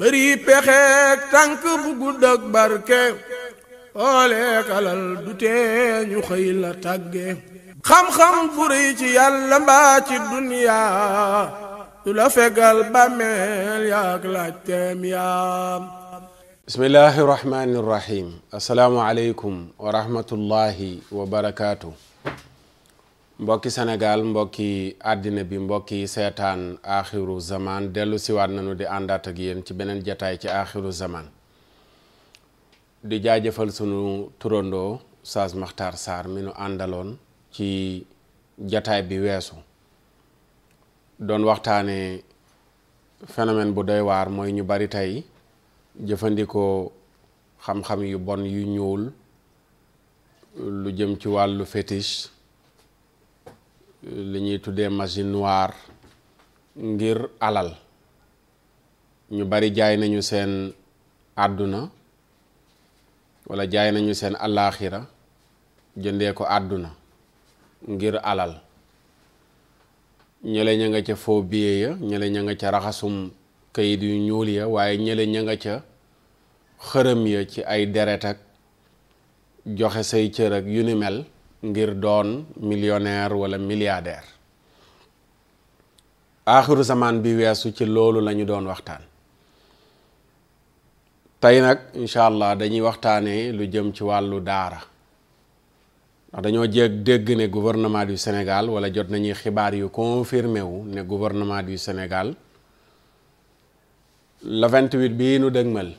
bëri pexeek tànk bu gudd ak barke xooleek alal du tee ñu xëy xam-xam bu ci yàlla mbaa ci duniyaa du la fegal bàmmeel yaak laaj teem yaa bismillahi rahmaani rahim asalaamu aleykum wa rahmatullahi wa mbokki Sénégal mbokki àddina bi mbokki seetaan axiru zaman dellu siwaat nañu di àndaat ak yéen ci beneen jataay ci axiru zaman di jaajëfal sunu turandoo Saas Maxtaar Sarr mi nu àndaloon ci jataay bi weesu doon waxtaanee phénomène bu doy waar mooy ñu bari tey jëfandikoo xam-xam yu bon yu ñuul lu jëm ci wàllu fétiche li ñuy tuddee machine noire ngir alal ñu bari jaay nañu seen àdduna walla jaay nañu seen allaaxira jëndee ko àdduna ngir alal ñële nga ca faux ya ñële ña nga ca raxasum kayit yu ñuul ya waaye ñële ña nga ca xërëm ya ci ay deret ak joxe say cër ak yu ni mel ngir doon millionnaire wala milliardaire aaxiru zaman bi weesu ci loolu lañu doon waxtaan tey nag incha allah dañuy waxtaanee lu jëm ci wàllu daara ndax dañoo jéeg dégg ne gouvernement du Sénégal wala jot nañuy xibaar yu confirmé ne gouvernement du Sénégal le 28 bii nu dëgmal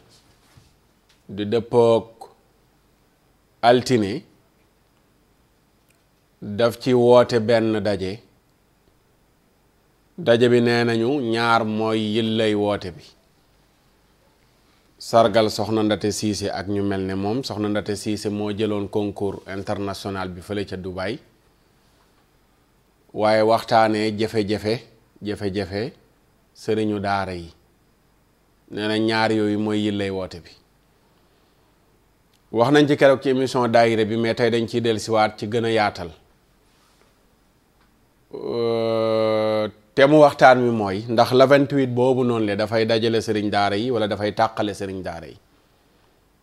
di dëppook altine daf ci woote benn daje daje bi nee nañu ñaar mooy yillay woote bi sargal soxna Ndate Siise ak ñu mel ne moom soxna Ndate Siise moo jëloon concours international bi fële ca Dubaï waaye waxtaanee jafe-jafe jafe-jafe sëriñu daara yi nee na ñaar yooyu mooy yillay woote bi wax nañ ci keroog ci émission daayira bi mais tey dañ ciy siwaat ci gën a yaatal Euh, te mu waxtaan wi mooy ndax la 28 boobu noonu le dafay dajale sëriñ daara yi wala dafay tàqale sëriñ daara yi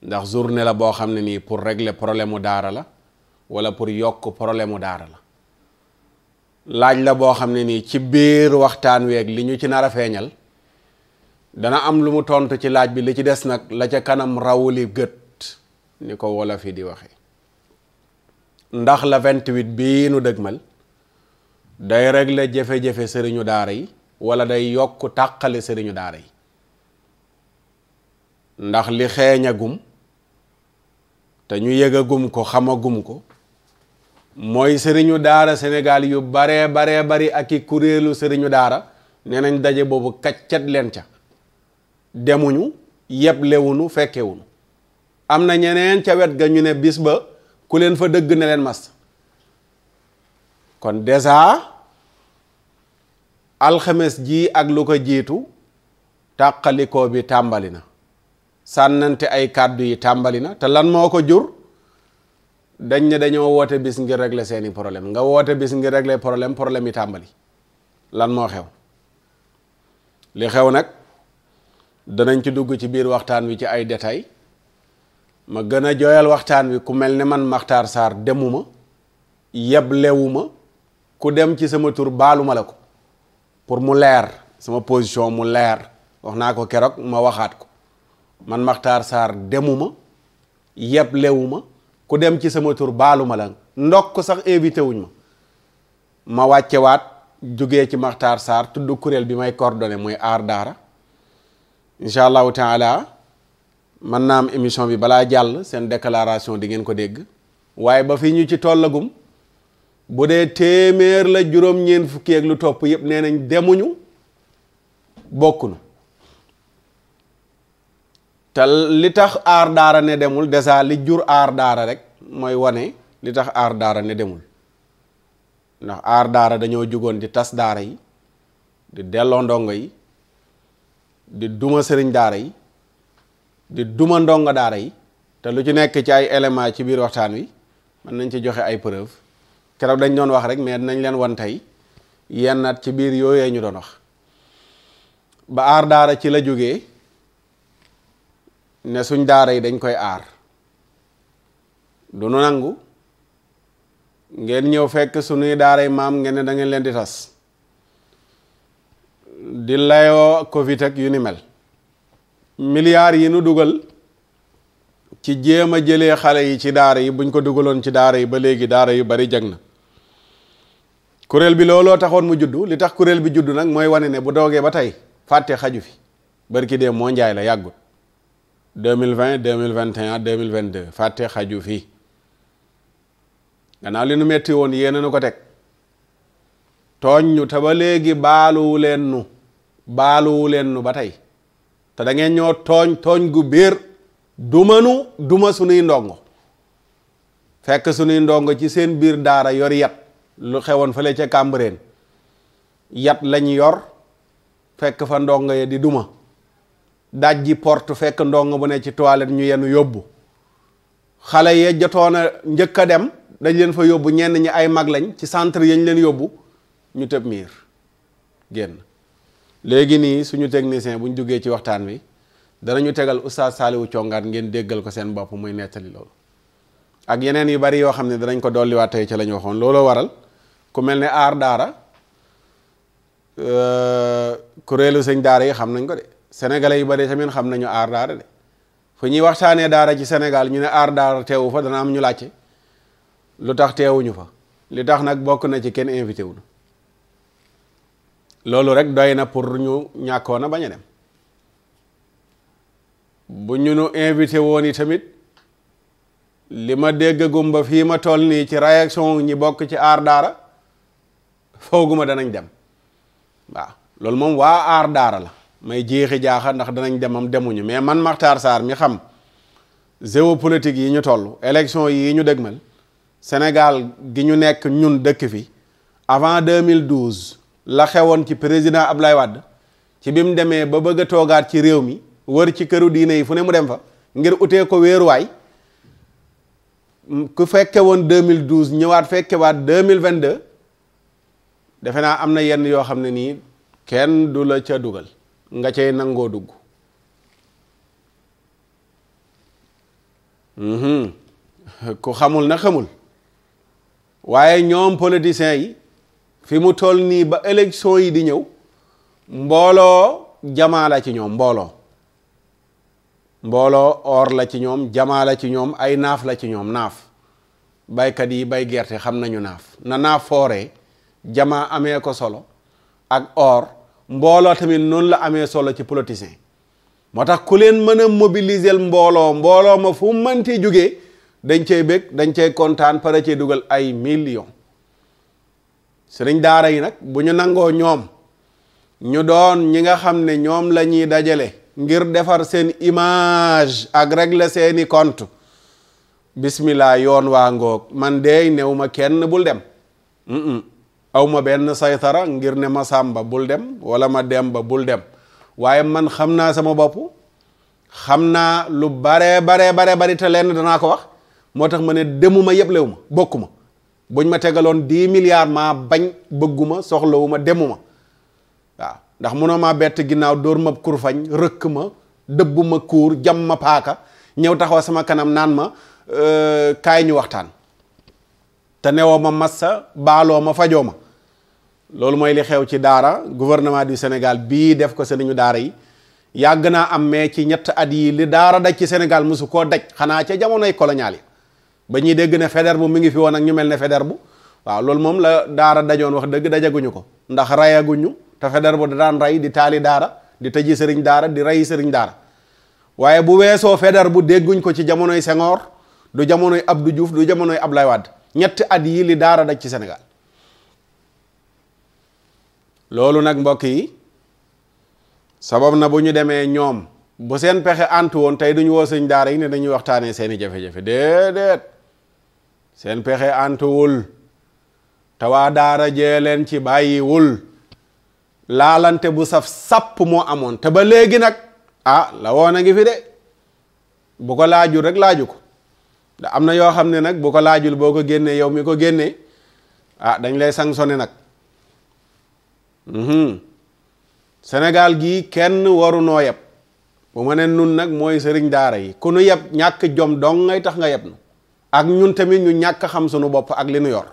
ndax journée la boo xam ne nii pour régler problème mu daara la wala pour yokk problème mu daara la laaj la boo xam ne nii ci biir waxtaan weeg li ñu ci nar a feeñal dana am lu mu tontu ci laaj bi li ci des nag la ca kanam rawuli gët ni ko wolof yi di waxee ndax la 28 bii nu dëgmal day régler jafe-jafe sëriñu daara yi wala day yokk tàqale sëriñu daara yi ndax li xeeñagum te ñu yëgagum ko xamagum ko mooy sëriñu daara Sénégal yu bare baree bari ak i kuréelu sëriñu daara nee nañ daje boobu kaccat leen ca demuñu yeblewuñu fekkewuñu am na ñeneen ca wet ga ñu ne bis ba ku leen fa dëgg ne leen mas kon déjà alxames jii ak lu ko jiitu tàqalikoo bi tàmbali na sànnante ay kàddu yi tàmbali na te lan moo ko jur dañ ne dañoo woote bis ngir régler seeni problème nga woote bis ngir régler problème problème yi tàmbali lan moo xew li xew nag danañ ci dugg ci biir waxtaan wi ci ay détails ma gën a jooyal waxtaan wi ku mel ni man Makhtar Sarr demuma yeblewuma ku dem ci sama tur baaluma la ko pour mu leer sama position mu leer wax naa ko keroog ma waxaat ko man Makhtar Sarr demuma yeb lewuma ku dem ci sama tur baaluma la ndokk sax invité wuñ ma ma wàccewaat jógee ci Makhtar Sarr tudd kuréel bi may coordonné muy aar daara incha allahu taala man naa am émission bi balaa jàll seen déclaration di ngeen ko dégg waaye ba fii ñu ci tollagum bu dee téeméer la juróom-ñeent fukki ak lu topp yëpp nee nañ demuñu bokk te li tax aar daara ne demul desaa li jur aar daara rek mooy wane li tax aar daara ne demul ndax aar daara dañoo jugoon di tas daara yi di delloo ndongo yi di duma sëriñ daara yi di duma ndongo daara yi te lu ci nekk ci ay éléments ci biir waxtaan wi mën nañ ci joxe ay preuve keroog dañ doon wax rek mais nañ leen wantey yenn yennaat ci biir yooyee ñu doon wax ba aar daara ci la jógee ne suñ daara yi dañ koy aar du nu nangu ngeen ñëw fekk su daara yi maam ngeen ne da ngeen leen di tas di layoo covid ak yu ni mel milliards yi nu dugal ci jéem a jëlee xale yi ci daara yi buñ ko dugaloon ci daara yi ba léegi daara yu bari jag na kuréel bi looloo taxoon mu juddu li tax kuréel bi juddu nag mooy wane ne bu doogee ba tey fàtte xaju fi barki dee moo njaay la yàggut 2020 2021 2022 fàtte xaju fi gannaaw li nu metti woon yéena nu ko teg tooñ ñu te ba léegi baaluwu leen nu leen nu ba tey te da ngeen ñoo tooñ tooñ gu béer duma nu duma sunuy ndongo fekk sunuy ndongo ci seen biir daara yor yat lu xewoon fële ca Cambérène yat lañ yor fekk fa ndong ya di duma daj ji porte fekk ndong bu ne ci toilette ñu yenu yóbbu xale yee jotoon a njëkk a dem dañ leen fa yóbbu ñenn ñi ay mag lañ ci centre yañ leen yóbbu ñu tëb miir génn léegi nii suñu technicien bu ñu jógee ci waxtaan wi danañu tegal oustaz Saliou Thiongaat ngeen déggal ko seen bopp muy nettali loolu ak yeneen yu bari yoo xam ne danañ ko dolliwaat tey ca la ñu waxoon looloo waral ku mel ni aar daara euh, kuréelu sëñ daara yi xam nañ ko de sénégalais yi bari tamit xam nañu aar daara de fu ñuy waxtaanee daara ci Sénégal ñu ne aar daara teewu fa dana am ñu laajte lu tax teewuñu fa li tax nag bokk na ci kenn invité wu loolu rek doy na pour ñu ñàkkoon a bañ a dem bu ñu nu invité woon yi tamit li ma dégg gumba fii ma toll nii ci réaction ñi bokk ci aar daara fooguma danañ dem waaw loolu moom waa aar daara la may jeexi jaaxa ndax danañ demam demuñu mais man Makhtar saar mi xam politique yi ñu toll élection yi ñu dëgmal Sénégal gi ñu nekk ñun dëkk fi avant mille 2012 la xewoon ci président Ablaye Wade ci bi mu demee ba bëgg a toogaat ci réew mi wër ci këru diine yi fu ne mu dem fa ngir utee ko wéeruwaay ku fekke woon 2012 ñëwaat fekke waat 2022 defe naa am na yenn yoo xam ne nii kenn du la ca dugal nga cay nangoo dugg mhm. ku xamul na xamul waaye ñoom politiciens yi fi mu toll nii ba élection yi di ñëw mbooloo jamaa la ci ñoom mbooloo mbooloo or la ci ñoom jamaa la ci ñoom ay naaf la ci ñoom naaf baykat yi bay gerte xam nañu naaf na naaf fooree jamaa amee ko solo ak or mbooloo tamit noonu la amee solo ci politicien moo tax ku leen mën a mobiliser mbooloo mbooloo ma fu mënti jógee dañ cey bëgg dañ cey kontaan pare cey dugal ay million sëriñ daara yi nag bu ñu nangoo ñoom ñu doon ñi nga xam ne ñoom la ñuy dajale ngir defar seen image ak régler seeni compte bismillah yoon waa ngoog man deey new ma kenn bul dem aw ma benn saytara ngir ne ma sàmba bul dem wala ma dem ba bul dem waaye man xam naa sama bopp xam naa lu baree baree bare bari te lenn danaa ko wax moo tax ma ne demuma yëpp lewu ma bokku ma buñ ma tegaloon dix milliards maa bañ bëgguma soxlawu ma demuma waaw ndax munoo maa bett ginnaaw dóor ma kurfañ rëkk ma dëbb ma kuur jam ma paaka ñëw taxaw sama kanam naan ma euh, kaay ñu waxtaan te newoo ma massa baaloo ma fajoo ma loolu mooy li xew ci daara gouvernement du Sénégal bii def ko sëriñu daara yi yàgg naa am mais ci ñett at yi li daara daj ci Sénégal mosu koo daj xanaa ca jamonoy colonial yi ba ñuy dégg ne Faidherbe mi ngi fi woon ak ñu mel ne bu waaw loolu moom la daara dajoon wax dëgg dajaguñu ko ndax rayaguñu te Faidherbe da daan rey di taali daara di tëji sëriñ daara di reyi sëriñ daara waaye bu weesoo bu dégguñ ko ci jamonoy Senghor du jamonoy Abdou Diouf du jamonoy Abdoulaye Wade ñetti at yi li daara daj ci Sénégal loolu nag mbokk yi sabab na bu ñu demee ñoom bu seen pexe antu woon tey duñu woo sëñ daara yi ne dañuy waxtaanee seeni jafe-jafe déedéet seen pexe antuwul te waa daara jee leen ci bàyyiwul laalante bu saf sàpp moo amoon te ba léegi nag ah la woon a ngi fi de bu ko laajul rek laaju ko da am na yoo xam ne nag bu ko laajul boo ko génnee yow mi ko génnee ah dañ lay sanctionné nag mhm. Sénégal gi kenn waru noo yeb bu ma ne nun nag mooy sëriñ daara yi ku nu yeb ñàkk jom dong ngay tax nga yeb nu ak ñun tamit ñu ñàkk xam sunu bopp ak linu yor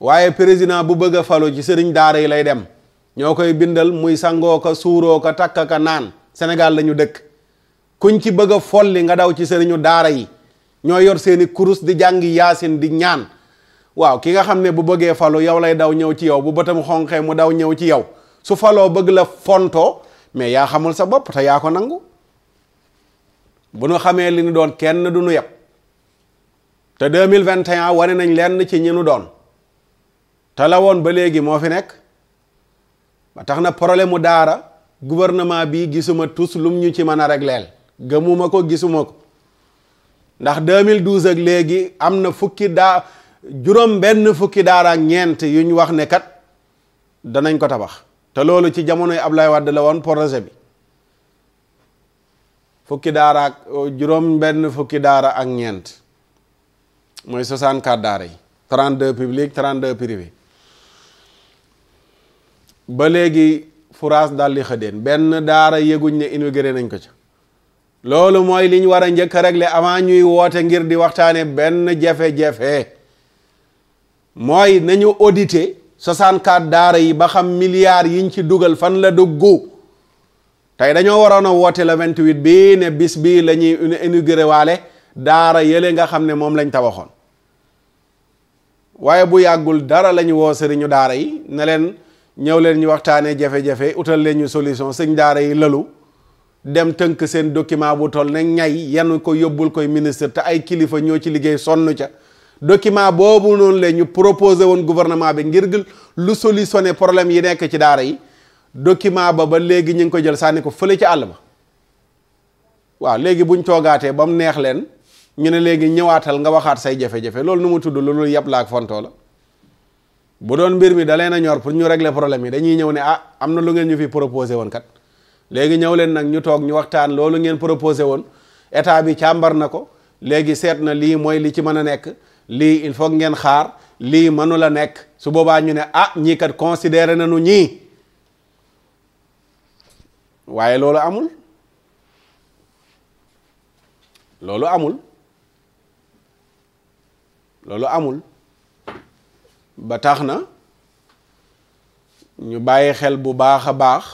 waaye président bu bëgg a falu ci sëriñ daara yi lay dem ñoo koy bindal muy sangoo ko suuroo ko takk ka naan Sénégal la ñu dëkk kuñ ci bëgg a folli nga daw ci sëriñu daara yi ñoo yor seeni kurus di jàngi yaasin di ñaan waaw ki nga xam ne bu bëggee falu yow lay daw ñëw ci yow bu mu xonqee mu daw ñëw ci yow su faloo bëgg la fontoo mais yaa xamul sa bopp te yaa ko nangu bu nu xamee li nu doon kenn du nu yeb te 2021 wane nañ lenn ci ñi nu doon te la woon ba léegi moo fi nekk ba tax na problème mu daara gouvernement bii gisuma tous lum ñu ci mën a régleel gëmuma ko gisuma ko ndax 2012 ak léegi am na fukki daa juróom benn fukki daara ñeent yu ñu wax ne kat danañ ko tabax te loolu ci jamonoy ab Ablaye Wade la woon projet bi fukki daaraak ak juróom benn fukki daara ak ñeent mooy 64 daara yi 32 public 32 privé ba léegi furaas daal di xëddeen benn daara yëguñ ne inauguré nañ ko ca loolu mooy liñ war a njëkk rek le avant ñuy woote ngir di waxtaane benn jafe-jafe mooy nañu auditer 64 daara yi ba xam milliards yiñ ci dugal fan la duggu tey dañoo waroon a woote le 28 bii ne bis bii la ñuy inauguré waale daara yële nga xam ne moom lañ tabaxoon waaye bu yàggul dara la ñu woo sëriñu daara yi ne leen ñëw leen ñu waxtaanee jafe-jafe utal leen ñu solution sëñ daara yi lalu dem tënk seen document bu toll ne ñay yan ko yóbbul koy ministre te ay kilifa ñoo ci liggéey sonn ca document boobu noonu leen ñu proposé woon gouvernement bi ngir lu solutionné problème yi nekk ci daara yi document ba ba léegi ñu ngi ko jël sànni ko fële ci àll ba waaw léegi bu ñu toogaatee ba mu neex leen ñu ne léegi ñëwaatal nga waxaat say jafe-jafe loolu nu mu tudd loolu yàpp la ak fontoo la bu doon mbir mi da leen a ñor pour ñu régler problème yi dañuy ñëw ne ah am na lu ngeen ñu fi proposé woon kat léegi ñëw leen nag ñu toog ñu waxtaan loolu ngeen proposé woon état bi càmbar na ko léegi seet na lii mooy li ci mën a nekk lii il faut ngeen xaar lii mënu la nekk su boobaa ñu ne ah ñii kat considéré nañu ñii waaye loolu amul loolu amul loolu amul ba tax na ñu bàyyi xel bu baax a baax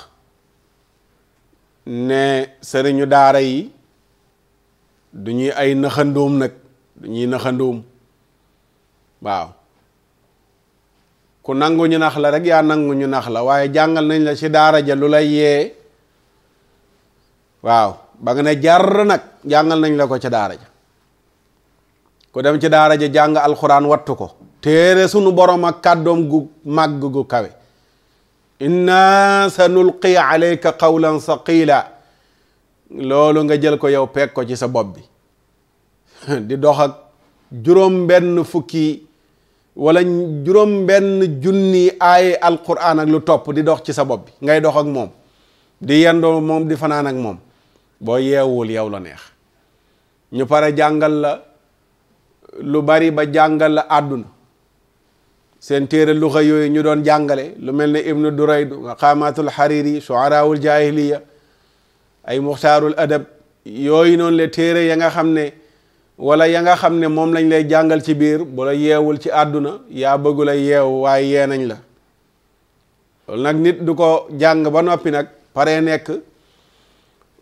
ne sëriñu daara yi du ñuy ay naxandoom nag du ñuy naxandoom waaw ku nangu ñu nax la rek yaa nangu ñu nax la waaye jàngal nañ la ci daara ja lu lay yee waaw ba nga ne jar nag jàngal nañ la ko ca daara ja ku dem ci daara ja jàng alxuraan wattu ko téere sunu borom ak kàddoom gu màgg gu kawe inna sa nulqi alayka qawlan saqila loolu nga jël ko yow peeg ko ci sa bopp bi di dox ak juróom benn fukki wala juróom benn junni aaye alquran ak lu topp di dox ci sa bopp bi ngay dox ak moom di yendoo moom di fanaan ak moom boo yeewul yow la neex ñu pare jàngal la lu bari ba jàngal la àdduna seen téere luxa yooyu ñu doon jàngale lu mel ne ibnu duraydu maqamatul hariri shuaraawul jahiliya ay muxtaarul adab yooyu noonu le téere ya nga xam ne wala ya nga xam ne moom lañ lay jàngal ci biir bu yeewul ci àdduna yaa bëggul a yeewu waaye yee nañ la nag nit du ko jàng ba noppi nag pare nekk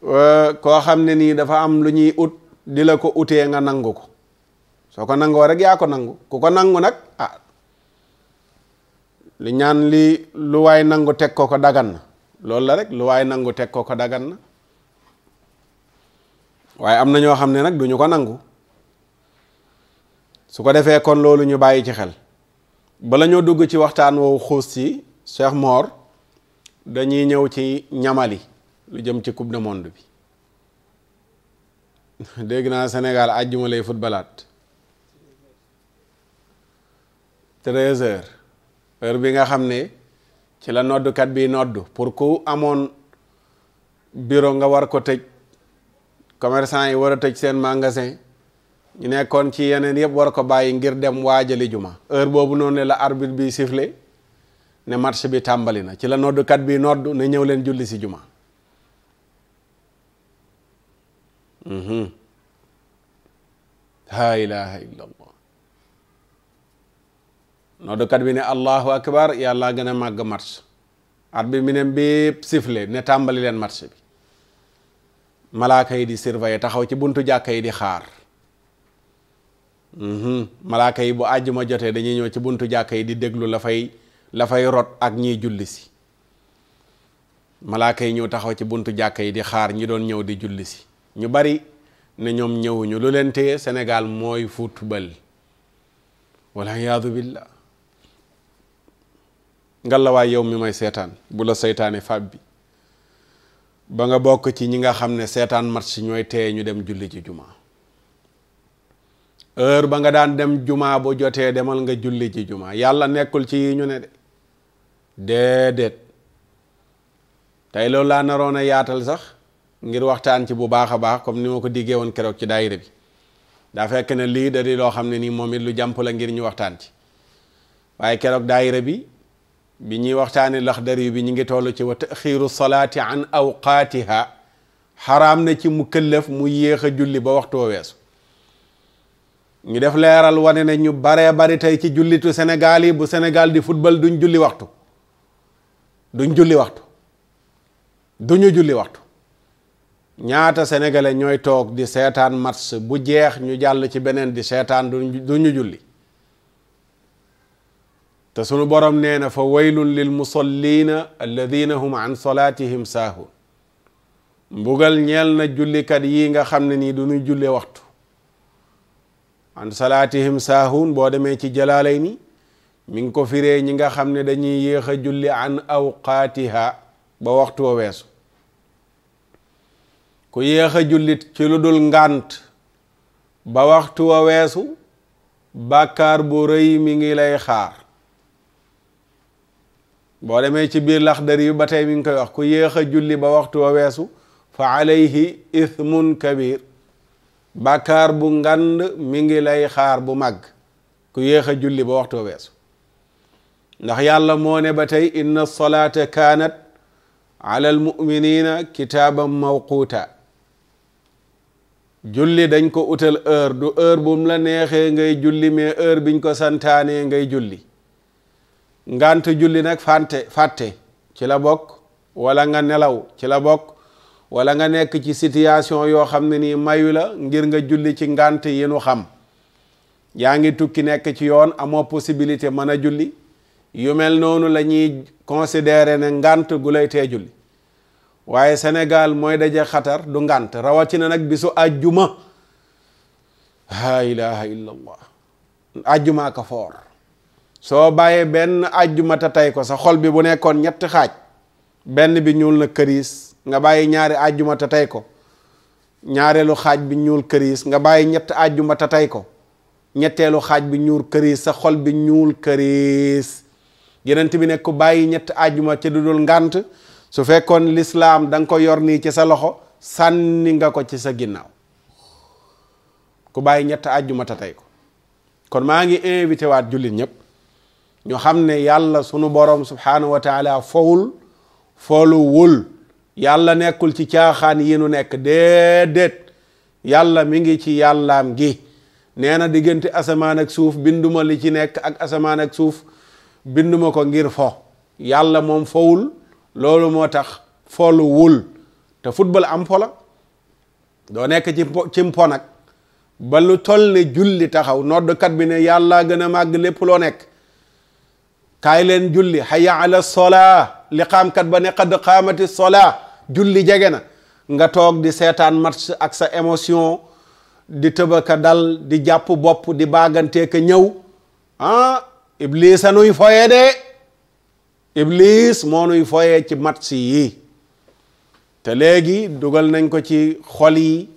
euh, koo xam ne nii dafa am lu ñuy ut di la ko utee nga nangu ko soo ko nangoo rek yaa ko nangu ku ko nangu nag ah li ñaan li lu waay nangu teg ko ko dagan na loolu la rek lu waay nangu teg ko ko dagan na waaye am na ñoo xam ne nag duñu ko nangu su ko defee kon loolu ñu bàyyi ci xel bala ñoo dugg ci waxtaan woowu xuus ci Cheikh Mor dañuy ñëw ci ñamali lu jëm ci coupe du monde bi dégg naa Sénégal àjjuma lay footballaat treize heures heure bi nga xam ne ci la noddukat bi noddu pour ku amoon bureau nga war ko tëj commerçant yi war a tëj seen magasin ñu nekkoon ci yeneen yëpp war ko bàyyi ngir dem waa waajali juma heure boobu noonu la arbitre bi sifflé ne match bi tàmbali na ci la noddukat bi noddu ne ñëw leen julli si juma mhm. laa ilaaha illallah noddukat bi ne allahu akbar yàlla gën a màgg match at bi mi ne bépp sifflé ne tàmbali leen match bi malaaka yi di surveiller taxaw ci buntu jàkka yi di xaar mhm. malaaka yi bu àjjuma jotee dañuy ñëw ci buntu jàkka yi di déglu la fay la fay rot ak ñiy julli si malaaka yi ñëw taxaw ci buntu jàkka yi di xaar ñi doon ñëw di julli si ñu bari ne ñoom ñëwuñu lu leen téye senegal mooy football wala yaadu billah la ngalawaay yow mi may seetaan bu la seytaane fab bi ba nga bokk ci ñi nga xam ne seetaan match ñooy teye ñu dem julli ci jumaa heure ba nga daan dem jumaa bu jotee demal nga julli ci jumaa yàlla nekkul ci yi ñu ne de déedéet tey loolu laa naroon a yaatal sax ngir waxtaan ci bu baax a baax comme ni ma ko diggee woon keroog ci daayira bi daa fekk ne lii da di loo xam ne nii moom it lu jàmp la ngir ñu waxtaan ci waaye keroog daayira bi bi ñuy waxtaane laxdari bi ñu ngi toll ci wa taxiru salaati an awqaatiha xaraam na ci mu këllëf mu yéex a julli ba waxtu weesu ñu def leeral wane na ñu baree bari tey ci jullitu senegal yi bu senegal di football duñ julli waxtu du julli waxtu duñu julli waxtu ñaata sénégalais ñooy toog di seetaan match bu jeex ñu jàll ci beneen di seetaan duñu julli te sunu borom nee na fa waylun lil musallina alladina hum an salaatihim saahun mbugal ñeel na jullikat yi nga xam ne nii du ñuy julle waxtu an salaatihim saahun boo demee ci jalaalay ni mi ngi ko firee ñi nga xam ne dañuy yéex a julli an awqaatiha ba waxtu wa weesu ku yéex a jullit ci lu dul ngànt ba waxtu wa weesu bàkkaar bu rëy mi ngi lay xaar boo demee ci biir lax laxdari yu ba tey mi ngi koy wax ku yéex a julli ba waxtu wa weesu fa alayhi ithmun kabir bàkkaar bu ngand mi ngi lay xaar bu màgg ku yéex a julli ba waxtu wa weesu ndax yàlla moo ne ba tey inna salaata kaanat ala almuminina kitaaban mawquuta julli dañ ko utal heure du heure bu la neexee ngay julli mais heure biñ ko santaanee ngay julli ngant julli nag fante fàtte ci la bokk wala nga nelaw ci la bokk wala nga nekk ci situation yoo xam ne nii mayu la ngir nga julli ci ngant yi nu xam yaa ngi tukki nekk ci yoon amoo possibilité mën a julli yu mel noonu la ñuy considérer ne ngant gu lay tee julli waaye senegal mooy daje xatar du ngant rawatina nag bisu àjjuma laa ilaha illa allah àjjumaa foor soo bàyyee benn àjjuma te tey ko sa xol bi bu nekkoon ñetti xaaj benn bi ñuul na këriis nga bàyyi ñaari àjjuma te tey ko ñaareelu xaaj bi ñuul këriis nga bàyyi ñetti àjjuma te tey ko ñetteelu xaaj bi ñuul këriis sa xol bi ñuul këriis yenent bi nekk ku bàyyi ñetti àjjuma ci du dul ngànt su fekkoon lislaam da nga ko yor nii ci sa loxo sànni nga ko ci sa ginnaaw ku bàyyi ñett àjjuma te tey ko kon maa ngi invité waat jullit ñëpp ñu xam ne yàlla sunu borom subhaanahu wa taala fowul foolu wul yàlla nekkul ci caaxaan yi nu nekk déedéet yàlla mi ngi ci yàllaam gi nee na diggante asamaan ak suuf binduma li ci nekk ak asamaan ak suuf binduma ko ngir foo yàlla moom fowul loolu moo tax foolu wul te football am po doo nekk ci mpo nag ba lu toll ne julli taxaw noddkat bi ne yàlla gën a màgg lépp loo nekk kaay leen julli hayya ala solaa liqaamkat ba ne qad qaamati solaa julli jege na nga toog di seetaan match ak sa émotion di tëbaka dal di jàpp bopp di baaganteeka ñëw ah iblis a nuy foye de iblis moo nuy foye ci match yi te léegi dugal nañ ko ci xol yi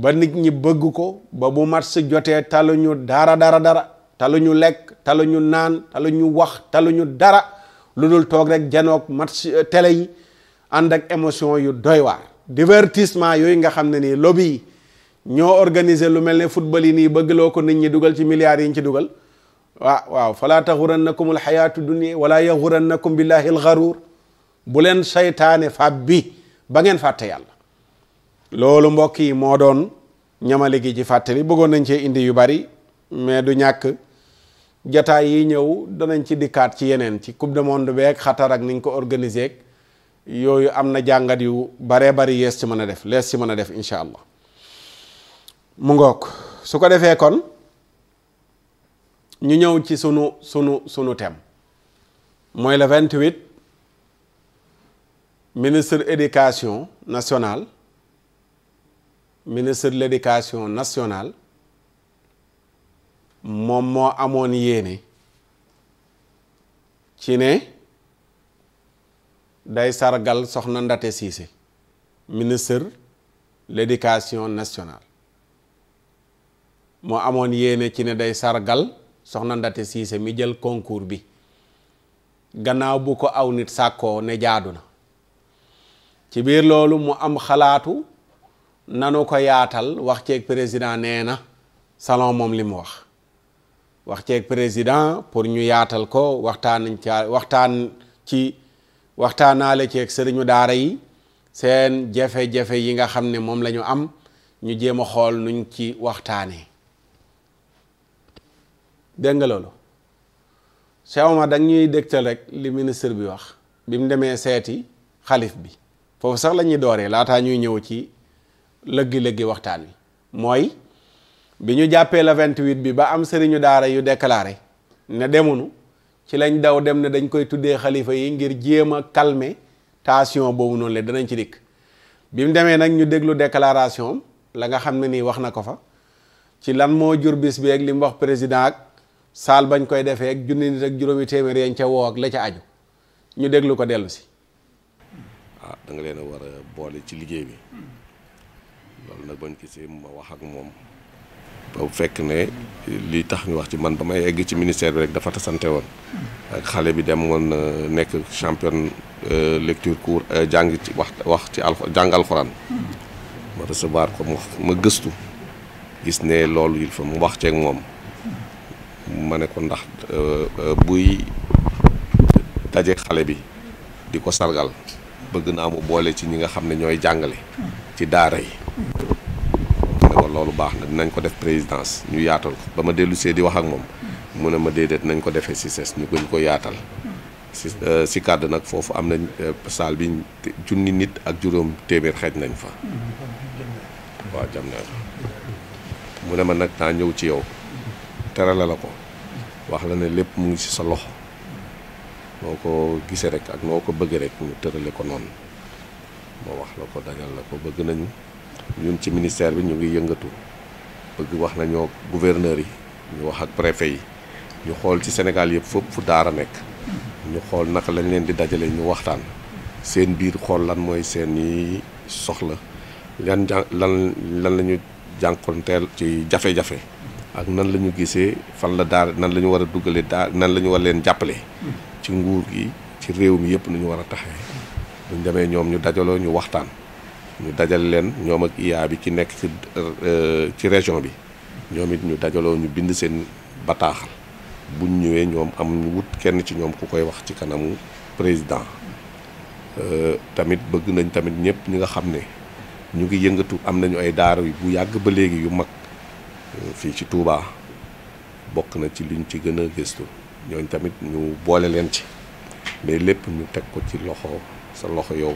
ba nit ñi bëgg ko ba mu match jotee taluñu dara dara dara talu ñu lekk ñu naan ñu wax talu ñu dara lu dul toog rek janoog match euh, télé yi ànd ak émotion yu doy waar divertissement yooyu nga xam ne nii lobby yi ñoo organiser lu mel ne football yi nii bëgg loo ko nit ñi dugal ci milliards yi ñu ci dugal waaw ah, waaw falaa taxurannakum alxayaatu dunia wala yaxurannakum billahi alxaruur bu leen saytaane fab bi ba ngeen fàtte yàlla loolu mbokk yi moo doon ñamale gi ci fàttali bëggoon nañ cee indi yu bari mais du ñàkk jataay yi ñëw danañ ci dikkaat ci yeneen ci coupe du monde beeg xatar ak niñ ko organisé yooyu am na jàngat yu baree bari yees ci mën a def lees ci mën a def incha allah mu ngoog su ko defee kon ñu ñëw ci sunu sunu sunu thème mooy le 28 ministre éducation nationale ministre de l'éducation nationale moom moo amoon yéene ci ne day sargal soxna Ndate Cissé ministre l'éducation nationale moo amoon yéene ci ne day sargal soxna Ndate Cissé mi jël concours bi gannaaw bu ko aw nit sàkkoo ne jaadu na ci biir loolu mu am xalaatu nanu ko yaatal wax ceeg président nee na salon moom li mu wax wax ceeg président pour ñu yaatal ko waxtaan ca waxtaan ci waxtaanaale ceeg sëriñu daara yi seen jafe-jafe yi nga xam ne moom lañu am ñu jéem a xool nuñ ci waxtaanee dégg nga loolu Cheikh Omar da ñuy dégtal rek li ministre bi wax bi mu demee seeti xalif bi foofu sax lañuy ñuy dooree laataa ñuy ñëw ci lëggi-lëggi waxtaan wi mooy bi ñu jàppee la 28 bi ba am sëriñu daara yu déclaré ne demunu ci lañ daw dem ne dañ koy tuddee xalifa yi ngir jéem a calmer tension boobu noonu la danañ ci dikk bi mu demee nag ñu déglu déclaration la nga xam ne nii wax na ko fa ci lan moo jur bis bi ak li mu wax président ak saal bañ koy defee ak junni nit ak juróomi téeméer yañ ca woo ak la ca aju ñu déglu ko dellu si. ah leen a war a boole ci liggéey bi loolu nag bañ gisee ma wax ak moom. bu fekk ne li tax ñu wax ci man ba may egg ci ministère bi rek dafa tasante woon ak xale bi dem woon euh, nekk championne euh, lecture cours euh, jàng ci al jàng alxuraan ma recevoir ko ma gëstu gis ne loolu il faut mu wax ceeg moom ma ne ko ndax buy daje xale bi di ko sargal bëgg naa mu boole ci ñi nga xam ne ñooy jàngale ci daara yi loolu baax na dinañ ko def présidence ñu yaatal ba ma dellu see di wax ak moom mu ne ma déedéet nañ ko defee si ses ñu gën ko yaatal si euh, si kàdd nag foofu am nañ euh, salle bi junni nit ak juróom téeméer xeej nañ fa waa jam na mu ne ma nag naa ñëw ci yow terale la ko wax la ne lépp mu ngi si sa loxo noo ko gisee rek ak noo ko bëggee rek ñu tërale ko noonu moo wax la ko dajal la ko bëgg nañu ñun ci ministère bi ñu ngi yëngatu bëgg wax nañoo gouverneur yi ñu wax ak préfet yi ñu xool ci Sénégal yëpp fépp fu daara nekk ñu xool naka lañ leen di dajale ñu waxtaan seen biir xool lan mooy seeni soxla lan lan lan la ñu jànkonteel ci jafe-jafe ak nan lañu gisee fan la daar nan la ñu war a duggale daa nan la ñu war leen jàppale ci nguur gi ci réew mi yëpp nu ñu war a taxe buñ demee ñoom ñu dajaloo ñu waxtaan ñu dajal leen ñoom ak IA bi ci nekk ci euh, ci région bi ñoom it ñu dajaloo ñu bind seen bataaxal buñ ñëwee ñoom am ñu wut kenn ci ñoom ku koy wax ci kanamu président euh, tamit bëgg nañ tamit ñëpp ñi nga xam ne ñu ngi yëngatu am nañu ay daara bu yàgg ba léegi yu mag euh, fii ci Touba bokk na ci liñ ci gën a gëstu ñooñ tamit ñu boole leen ci mais lépp ñu teg ko ci loxo sa loxo yow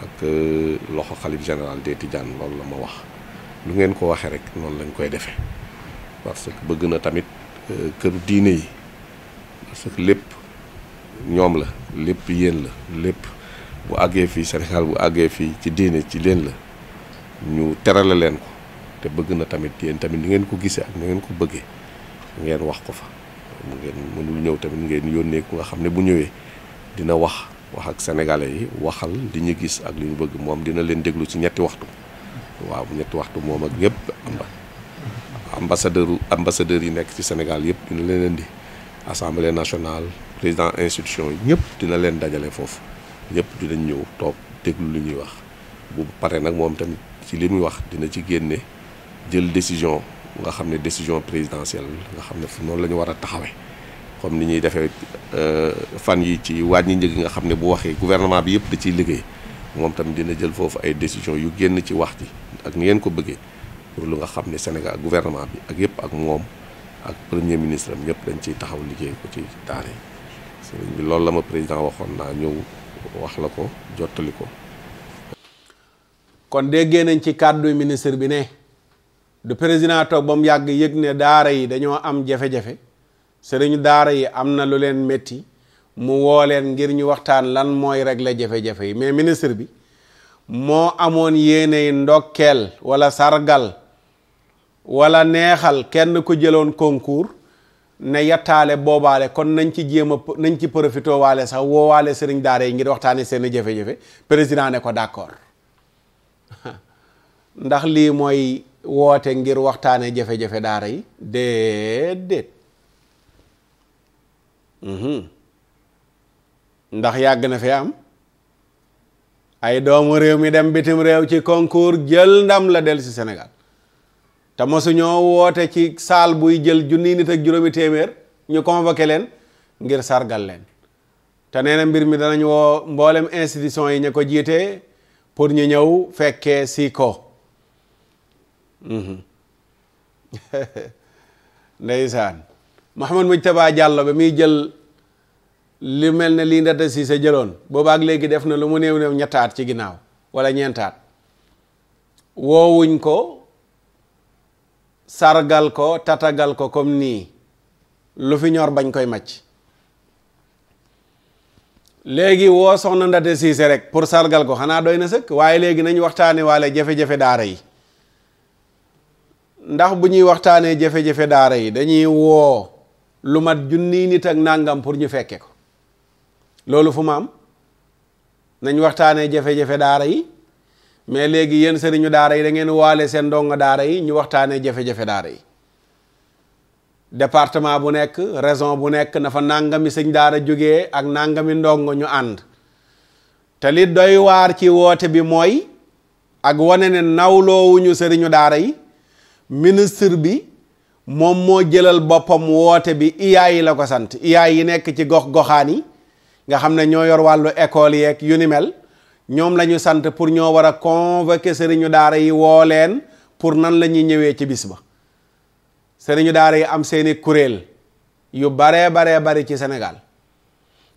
ak euh, loxo xalif général des Tidianes loolu la ma wax lu ngeen ko waxee rek noonu lañ koy defee parce que bëgg na tamit euh, këru diine yi parce que lépp ñoom la lépp yéen la lépp bu àggee fii Sénégal bu àggee fii ci diine ci léen la ñu terale leen ko te bëgg na tamit yéen tamit ni ngeen ko gisee ak ni ngeen ko bëggee ngeen wax ko fa ngeen mënul ñëw tamit ngeen yónnee ku nga xam ne bu ñëwee dina wax wax ak sénégalais yi waxal li ñu gis ak li ñu bëgg moom dina leen déglu ci ñetti waxtu waaw ñetti waxtu moom ak ñëpp amba ambassadeur ambassadeurs yi nekk ci Sénégal yëpp dina leen indi assemblée nationale président institution ñëpp dina leen dajale foofu ñëpp dinañ ñëw toog déglu li ñuy wax bu pare nag moom tamit ci li muy wax dina ci génne jël décision nga xam ne décision présidentielle nga xam ne noonu la ñu war a taxawee comme ni ñuy defee euh, fan yi ci wàññi njëg nga xam ne bu waxee gouvernement bi yëpp da ciy liggéey moom tamit dina jël foofu ay décision yu génn ci wax ji ak ni ngeen ko bëggee pour lu nga xam ne Sénégal gouvernement bi ak yëpp ak moom ak premier ministre am ñëpp dañ ciy taxaw liggéey ko ci daane sëriñ loolu la ma président waxoon naa ñëw wax la ko jottali ko. kon déggee nañ ci kàddu ministre bi ne du président toog ba mu yàgg yëg ne daara yi dañoo am jafe sëriñu daara yi am na lu leen metti mu woo leen ngir ñu waxtaan lan mooy régler jafe-jafe yi mais ministre bi moo amoon yéeney ndokkeel wala sargal wala neexal kenn ku jëloon concours ne yattaale boobaale kon nañ ci jéem a nañ ci profité waale sax woowaale sëriñ daara yi ngir waxtaane seen jafe-jafe président ne ko d'accord ndax lii mooy woote ngir waxtaane jafe-jafe daara yi déedéet Mhm. ndax yàgg na fi am ay doomu réew mi dem bitim réew ci concours jël ndam la del si Sénégal te mosuñoo woote ci saal buy jël junniy nit ak juróomi téeméer ñu convoqué leen ngir sargal leen te nee na mbir mi danañ woo mboolem institution yi ñu ko jiite pour ñu ñëw fekkee si ko mhm. ndeysaan Mouhamed Moujtaba jàll ba muy jël lu mel ne lii Ndata Cissé jëloon boobaak léegi def na lu mu néew néew ñettaat ci ginnaaw wala ñeentaat woowuñ ko sargal ko tatagal ko comme nii lu fi ñor bañ koy macc léegi woo soxna Ndata Cissé rek pour sargal ko xanaa doy na sëkk waaye léegi nañ waxtaane waale jafe-jafe daara yi ndax bu ñuy waxtaanee jafe-jafe daara yi dañuy woo lu mat junniy nit ak nàngam pour ñu fekke ko loolu fu maam am nañ waxtaanee jafe-jafe daara yi mais léegi yéen sëriñu daara yi da ngeen waale seen ndongo daara yi ñu waxtaanee jafe-jafe daara yi département bu nekk région bu nekk na fa nàngami sëñ daara jóge ak nàngami ndongo ñu ànd te li doy waar ci woote bi mooy ak wane ne nawloowuñu sëriñu daara yi ministre bi moom moo jëlal boppam woote bi iyaay yi la ko sant iyaay yi nekk ci gox goxaan yi nga xam ne ñoo yor wàllu école yeeg yu ni mel ñoom la ñu sant pour ñoo war a convoquer sëriñu daara yi woo pour nan la ñuy ñëwee ci bis ba daara yi am seeni kuréel yu baree baree bari ci Sénégal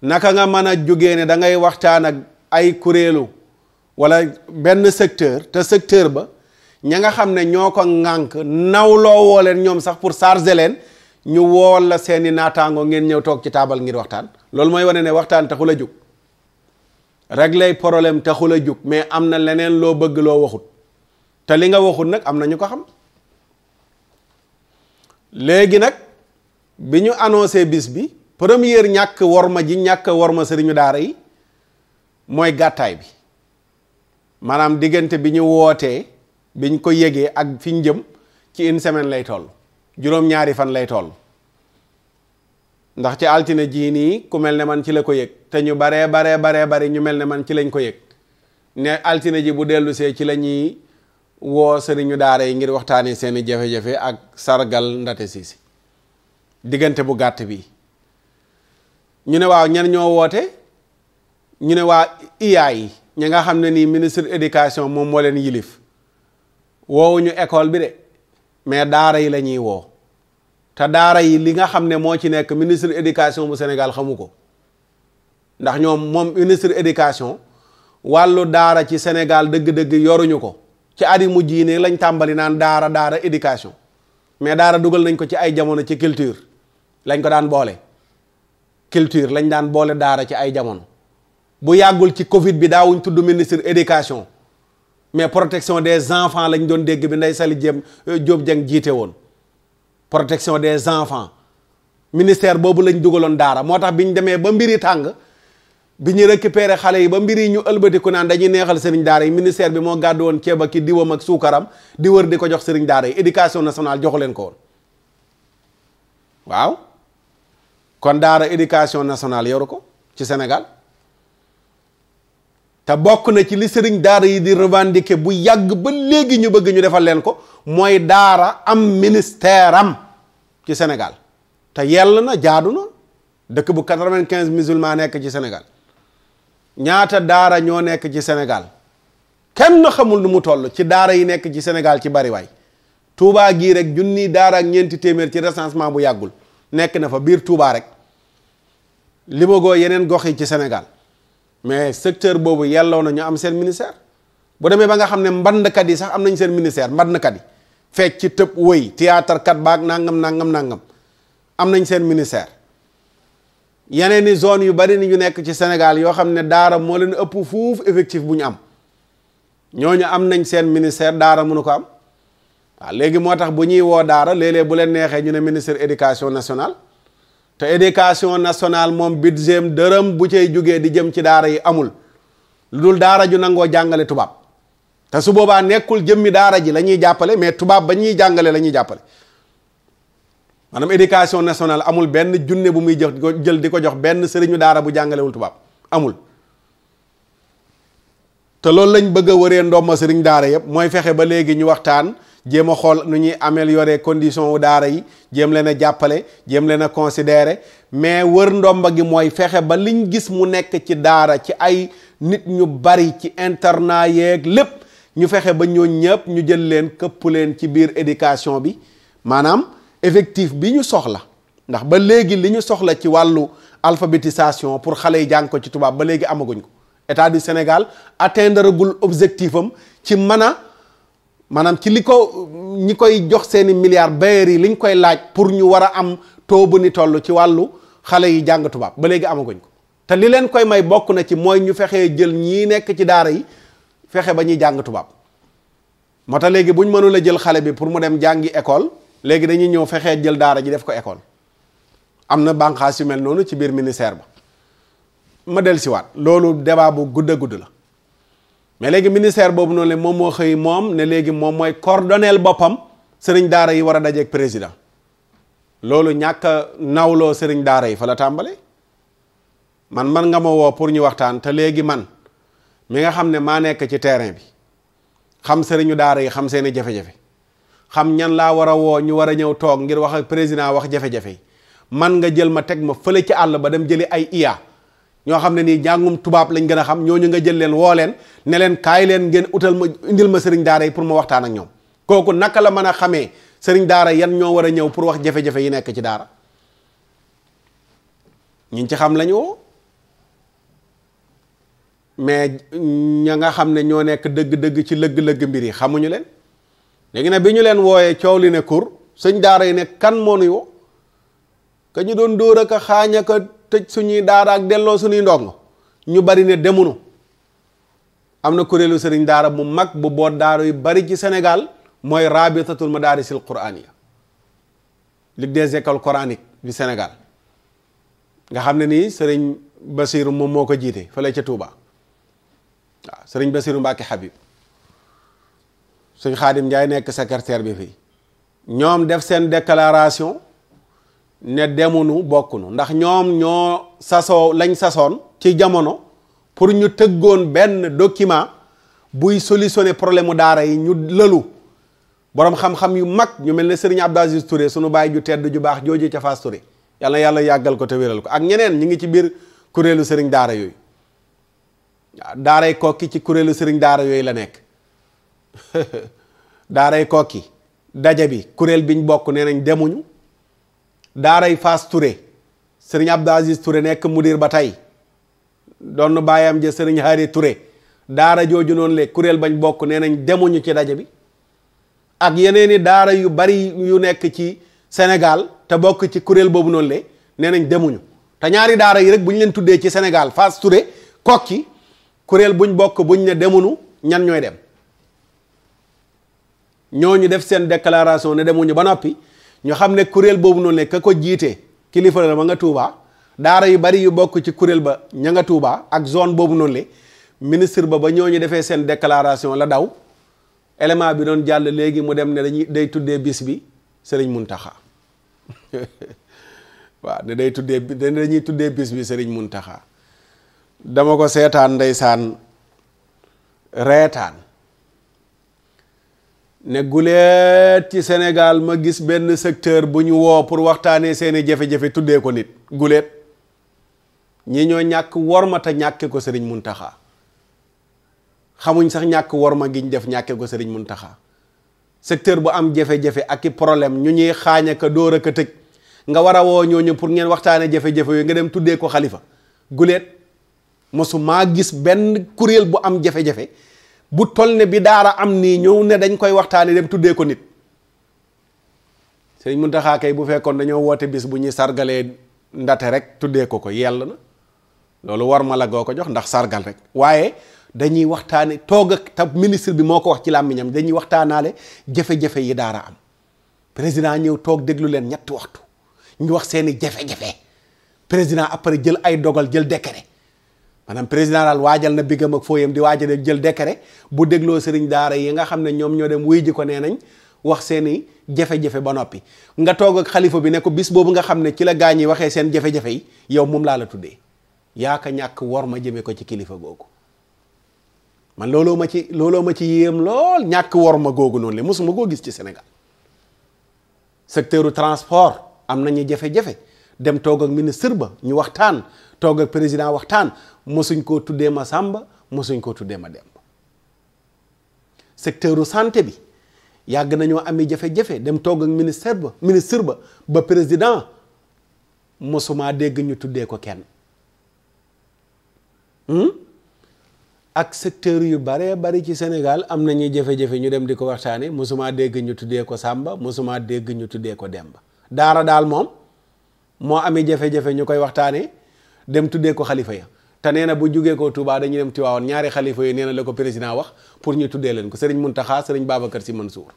naka nga mën a jógee ne da ngay waxtaan ak ay kuréelu wala benn secteur te secteur ba ña nga xam ne ñoo ko ŋànk nawloo woo leen ñoom sax pour charger leen ñu wool la seeni naataango ngeen ñëw toog ci taabal ngir waxtaan loolu mooy wane ne waxtaan taxul jug rek régler problème taxul a jug mais am na leneen loo bëgg loo waxut te li nga waxut nag am na ñu ko xam léegi nag bi ñu annoncé bis bi première ñàkk worma ji ñàkk worma sëriñu daara yi mooy gàttaay bi maanaam diggante bi ñu wootee biñ ko yégee ak fi jëm ci une semaine lay toll juróom-ñaari fan lay tool ndax ci altine ji nii ku mel ne man ci la ko yég te ñu baree baree baree bari ñu mel ne man ci lañ ko yëg ne altine ji bu dellu see ci la ñuy woo sëriñu daara yi ngir waxtaanee seeni jafe-jafe ak sargal Ndaté Cissé diggante bu gàtt bi ñu ne waaw ñan ñoo woote ñu ne waa IA yi ña nga xam ne nii ministre éducation moom moo leen yilif woowuñu école bi de mais daara yi la ñuy woo te daara yi li nga xam ne moo ci nekk ministre éducation bu Sénégal xamu ko ndax ñoom moom ministre éducation wàllu daara ci Sénégal dëgg-dëgg yoruñu ko ci at mu mujj lañ tàmbali naan daara daara éducation mais daara dugal nañ ko ci ay jamono ci culture lañ ko daan boole culture lañ daan boole daara ci ay jamono bu yàggul ci Covid bi daawuñ tudd ministre éducation mais protection des enfants lañ doon dégg bi nday sali jéem euh, Jóob Jeng jiite woon protection des enfants ministère boobu lañ dugaloon daara moo tax bi ñu demee ba mbiri tàng bi ñu récupéré xale yi ba mbir yi ñu ëlbatiku naan dañuy neexal sëriñ daara yi ministère bi moo gàdd woon ceeb ak diwam ak suukaram di wër di ko jox sëriñ daara yi éducation nationale joxu leen ko woon waaw kon daara éducation nationale yoru ko ci Sénégal te bokk na ci li sëriñ daara yi di revendiquer bu yàgg ba léegi ñu bëgg ñu defal leen ko mooy daara am ministère am ci senegal te yell na jaadu na dëkk bu quatre-vingt-quinze musulman nekk ci senegal ñaata daara ñoo nekk ci senegal kenn xamul nu mu toll ci daara yi nekk ci senegal ci bariwaay tuubaa gii rek junni daara ñeenti téeméer ci recensement bu yàggul nekk na fa biir tuubaa rek li yeneen gox yi ci senegal mais secteur boobu yelloo na ñu am seen ministère bu demee ba nga xam ne mbandkat yi sax am nañ seen ministère mbandkat yi fekk ci tëb woy théâtre kat baag nangam nangam nangam am nañ seen ministère yeneen i zone yu bari ni ñu nekk ci Sénégal yoo xam ne daara moo leen ëpp fuuf effectif bu ñu am ñoo ñu am nañ seen ministère daara mënu ko am waaw léegi moo tax bu ñuy woo daara léeg-léeg bu leen neexee ñu ne ministre éducation nationale te éducation nationale moom budget dërëm bu cay jógee di jëm ci daara yi amul lu dul daara ju nangoo jàngale tubaab te su boobaa nekkul jëmmi daara ji la ñuy jàppale mais tubaab ba ñuy jàngale lañuy jàppale maanaam éducation nationale amul benn junne bu muy jël di ko jox benn sëriñu daara bu jàngalewul tubaab amul te loolu lañ bëgg a wëree ndomma sëriñ daara yëpp mooy fexe ba léegi ñu waxtaan jéem a xool nu ñuy améliorer condition wu daara yi jéem leen a jàppale jéem leen a considérer mais wër ndomba gi mooy fexe ba liñ gis mu nekk ci daara ci ay nit ñu bari ci internat yeeg lépp ñu fexe ba ñoo ñëpp ñu jël leen këpp leen ci biir éducation bi maanaam effectif bi ñu soxla ndax ba léegi li ñu soxla ci wàllu alphabétisation pour xale yi jàng ko ci tubaab ba léegi amaguñ ko état du Sénégal atteindre gul objectif am ci mën a maanaam ci li ko ñi koy jox seeni milliards bailleurs yi liñ koy laaj pour ñu war a am taux bu ni toll ci wàllu xale yi jàng tubaab ba léegi amaguñ ko te li leen koy may bokk na ci mooy ñu fexee jël ñii nekk ci daara yi fexe ba ñuy jàng tubaab moo tax léegi buñ mënul a jël xale bi pour mu dem jàngi école léegi dañuy ñëw fexee jël daara ji def ko école am na bànqaas yu mel noonu ci biir ministère ba ma dellusiwaat loolu débat bu gudd a gudd la mais léegi ministère boobu noonu la moom moo xëy moom ne léegi moom mooy coordonnel boppam sëriñ daara yi war a dajeeg président loolu ñàkk nawloo sëriñ daara yi fa la tàmbali man man nga ma woo pour ñu waxtaan te léegi man mi nga xam ne maa nekk ci terrain bi xam sëriñu daara yi xam seeni jafe-jafe xam ñan laa war a woo ñu war a ñëw toog ngir wax ak président wax jafe-jafe yi man nga jël ma teg ma fële ci àll ba dem jëli ay IA ñoo xam ne nii jàngum tubaab lañ gën a xam ñooñu nga jël leen woo leen ne leen kaay leen ngeen utal ma indil ma sëriñ daara yi pour ma waxtaan ak ñoom kooku naka la mën a xamee sëriñ daara yan ñoo war a ñëw pour wax jafe-jafe yi nekk ci daara ñi ci xam lañu mais ña nga xam ne ñoo nekk dëgg-dëgg ci lëgg-lëgg mbir yi xamuñu leen léegi nag bi ñu leen wooyee coow li ne kur sëñ daara yi ne kan moo nuy woo ka ñu doon dóor ak a xaañ tëj suñuy daara ak delloo suñuy ndongo ñu bari ne demunu am na kuréelu sëriñ daara bu mag bu boot daara yu bari ci Sénégal mooy rabitatul madaarisil quraaniya ligue des écoles coraniques bi Sénégal nga xam ne nii sëriñ basiiru moom moo ko jiite fële ca Touba waaw sëriñ Basiru Mbàkke Habib suñ Xaadim Njaay nekk secrétaire bi fii ñoom def seen déclaration ne demunu bokkunu ndax ñoom ñoo sasoo lañ sasoon ci jamono pour ñu tëggoon benn document buy solutionner problème mu daara yi ñu lëlu borom xam-xam yu mag ñu mel ne ab Abdou yu Touré sunu bàyyi ju tedd ju baax jooju ca Fass yàlla yàlla yàggal ko te wéral ko ak ñeneen ñi ngi ci biir kuréelu Serigne daara yooyu waaw daaray kokki ci kuréelu Serigne daara yooyu la nekk daaray kokki daje bi kuréel biñ bokk nee nañ demuñu daaray fas Touré sëriñ Abdou Aziz Touré nekk mudir ba tey doon baayam ja sëriñ Haari Touré daara jooju noonu le kuréel bañ bokk nee nañ demuñu ci daje bi ak yeneeni daara yu bari yu nekk ci Sénégal te bokk ci kuréel boobu noonu le nee nañ demuñu te ñaari daara yi rek bu ñu leen tuddee ci Sénégal Faas Touré kokki kuréel buñ bokk buñ ne demuñu ñan ñooy dem ñoo ñu def seen déclaration ne demuñu ba noppi ñu xam ne kuréel boobu noonu ne ka ko jiite kilifa la ma nga Touba daara yu bari yu bokk ci kuréel ba ña nga Touba ak zone boobu noonu le ministre ba ba ñu defee seen déclaration la daw élément bi doon jàll léegi mu dem ne dañuy day tuddee bis bi Serigne mun waaw ne tuddee dañuy tuddee bis bi Serigne Mountakha dama ko seetaan ndeysaan reetaan ne guleet ci Sénégal ma gis benn secteur bu ñu woo pour waxtaanee seeni jafe-jafe tuddee ko nit guleet ñi ñoo ñàkk worma te ñàkke ko sëriñ Muntaxa xamuñ sax ñàkk worma gi ñu def ñàkke ko sëriñ Muntaxa secteur bu am jafe-jafe ak i problème ñu ñuy xaaña door dóor a ka nga war a woo ñooñu pour ngeen waxtaanee jafe-jafe yooyu nga dem tuddee ko xalifa guleet mosu maa gis benn kuréel bu am jafe-jafe bu toll ne bi daara am nii ñëw ne dañ koy waxtaani dem tuddee ko nit sëñ Muntaxa kay bu fekkoon dañoo woote bis bu ñuy sargalee ndate rek tuddee ko ko yàlla na loolu war ma la goo ko jox ndax sargal rek waaye dañuy waxtaane toog ak tab ministre bi moo ko wax ci làmmiñam dañuy waxtaanaale jafe-jafe yi daara am président ñëw toog déglu leen ñett waxtu ñu wax seeni jafe-jafe président après jël ay dogal jël décret maanaam président daal waajal na bigam ak fooyam di waajal jël décret bu dégloo sëriñ daara yi nga xam ne ñoom ñoo dem wuy ko nee nañ wax seeni jafe-jafe ba noppi nga toog ak xalifa bi ne ko bis boobu nga xam ne ci la gaañ yi waxee seen jafe yow moom laa la tuddee yaaka ñàkk war ma jëme ko ci kilifa googu man looloo ma ci looloo ma ci yéem lool ñàkk war ma googu noonu la mosuma koo gis ci senegal secteur transport am nañu jafe-jafe dem toog ak ministre ba ñu waxtaan toog président waxtaan mosuñ koo tuddee ma sàmba mosuñ koo tuddee ma demb secteuru santé bi yàgg nañoo ami jafe-jafe dem togg ak ministère ba ministre ba ba président mosumaa dégg ñu tuddee ko kenn hmm? ak secteur yu bare bari ci Sénégal am nañuy jafe-jafe ñu dem di ko waxtaane mosumaa dégg ñu tuddee ko Sàmba mosumaa dégg ñu tuddee ko Demba daara daal moom moo ami jafe-jafe ñu koy waxtaane dem tuddee ko xalifa ya te nee na bu jugee ko Touba dañuy dem Tiwaawan ñaari xalifa yi nee la ko président wax pour ñu tuddee leen ko sëriñ Muntaxa sëriñ Babacar Si Mansour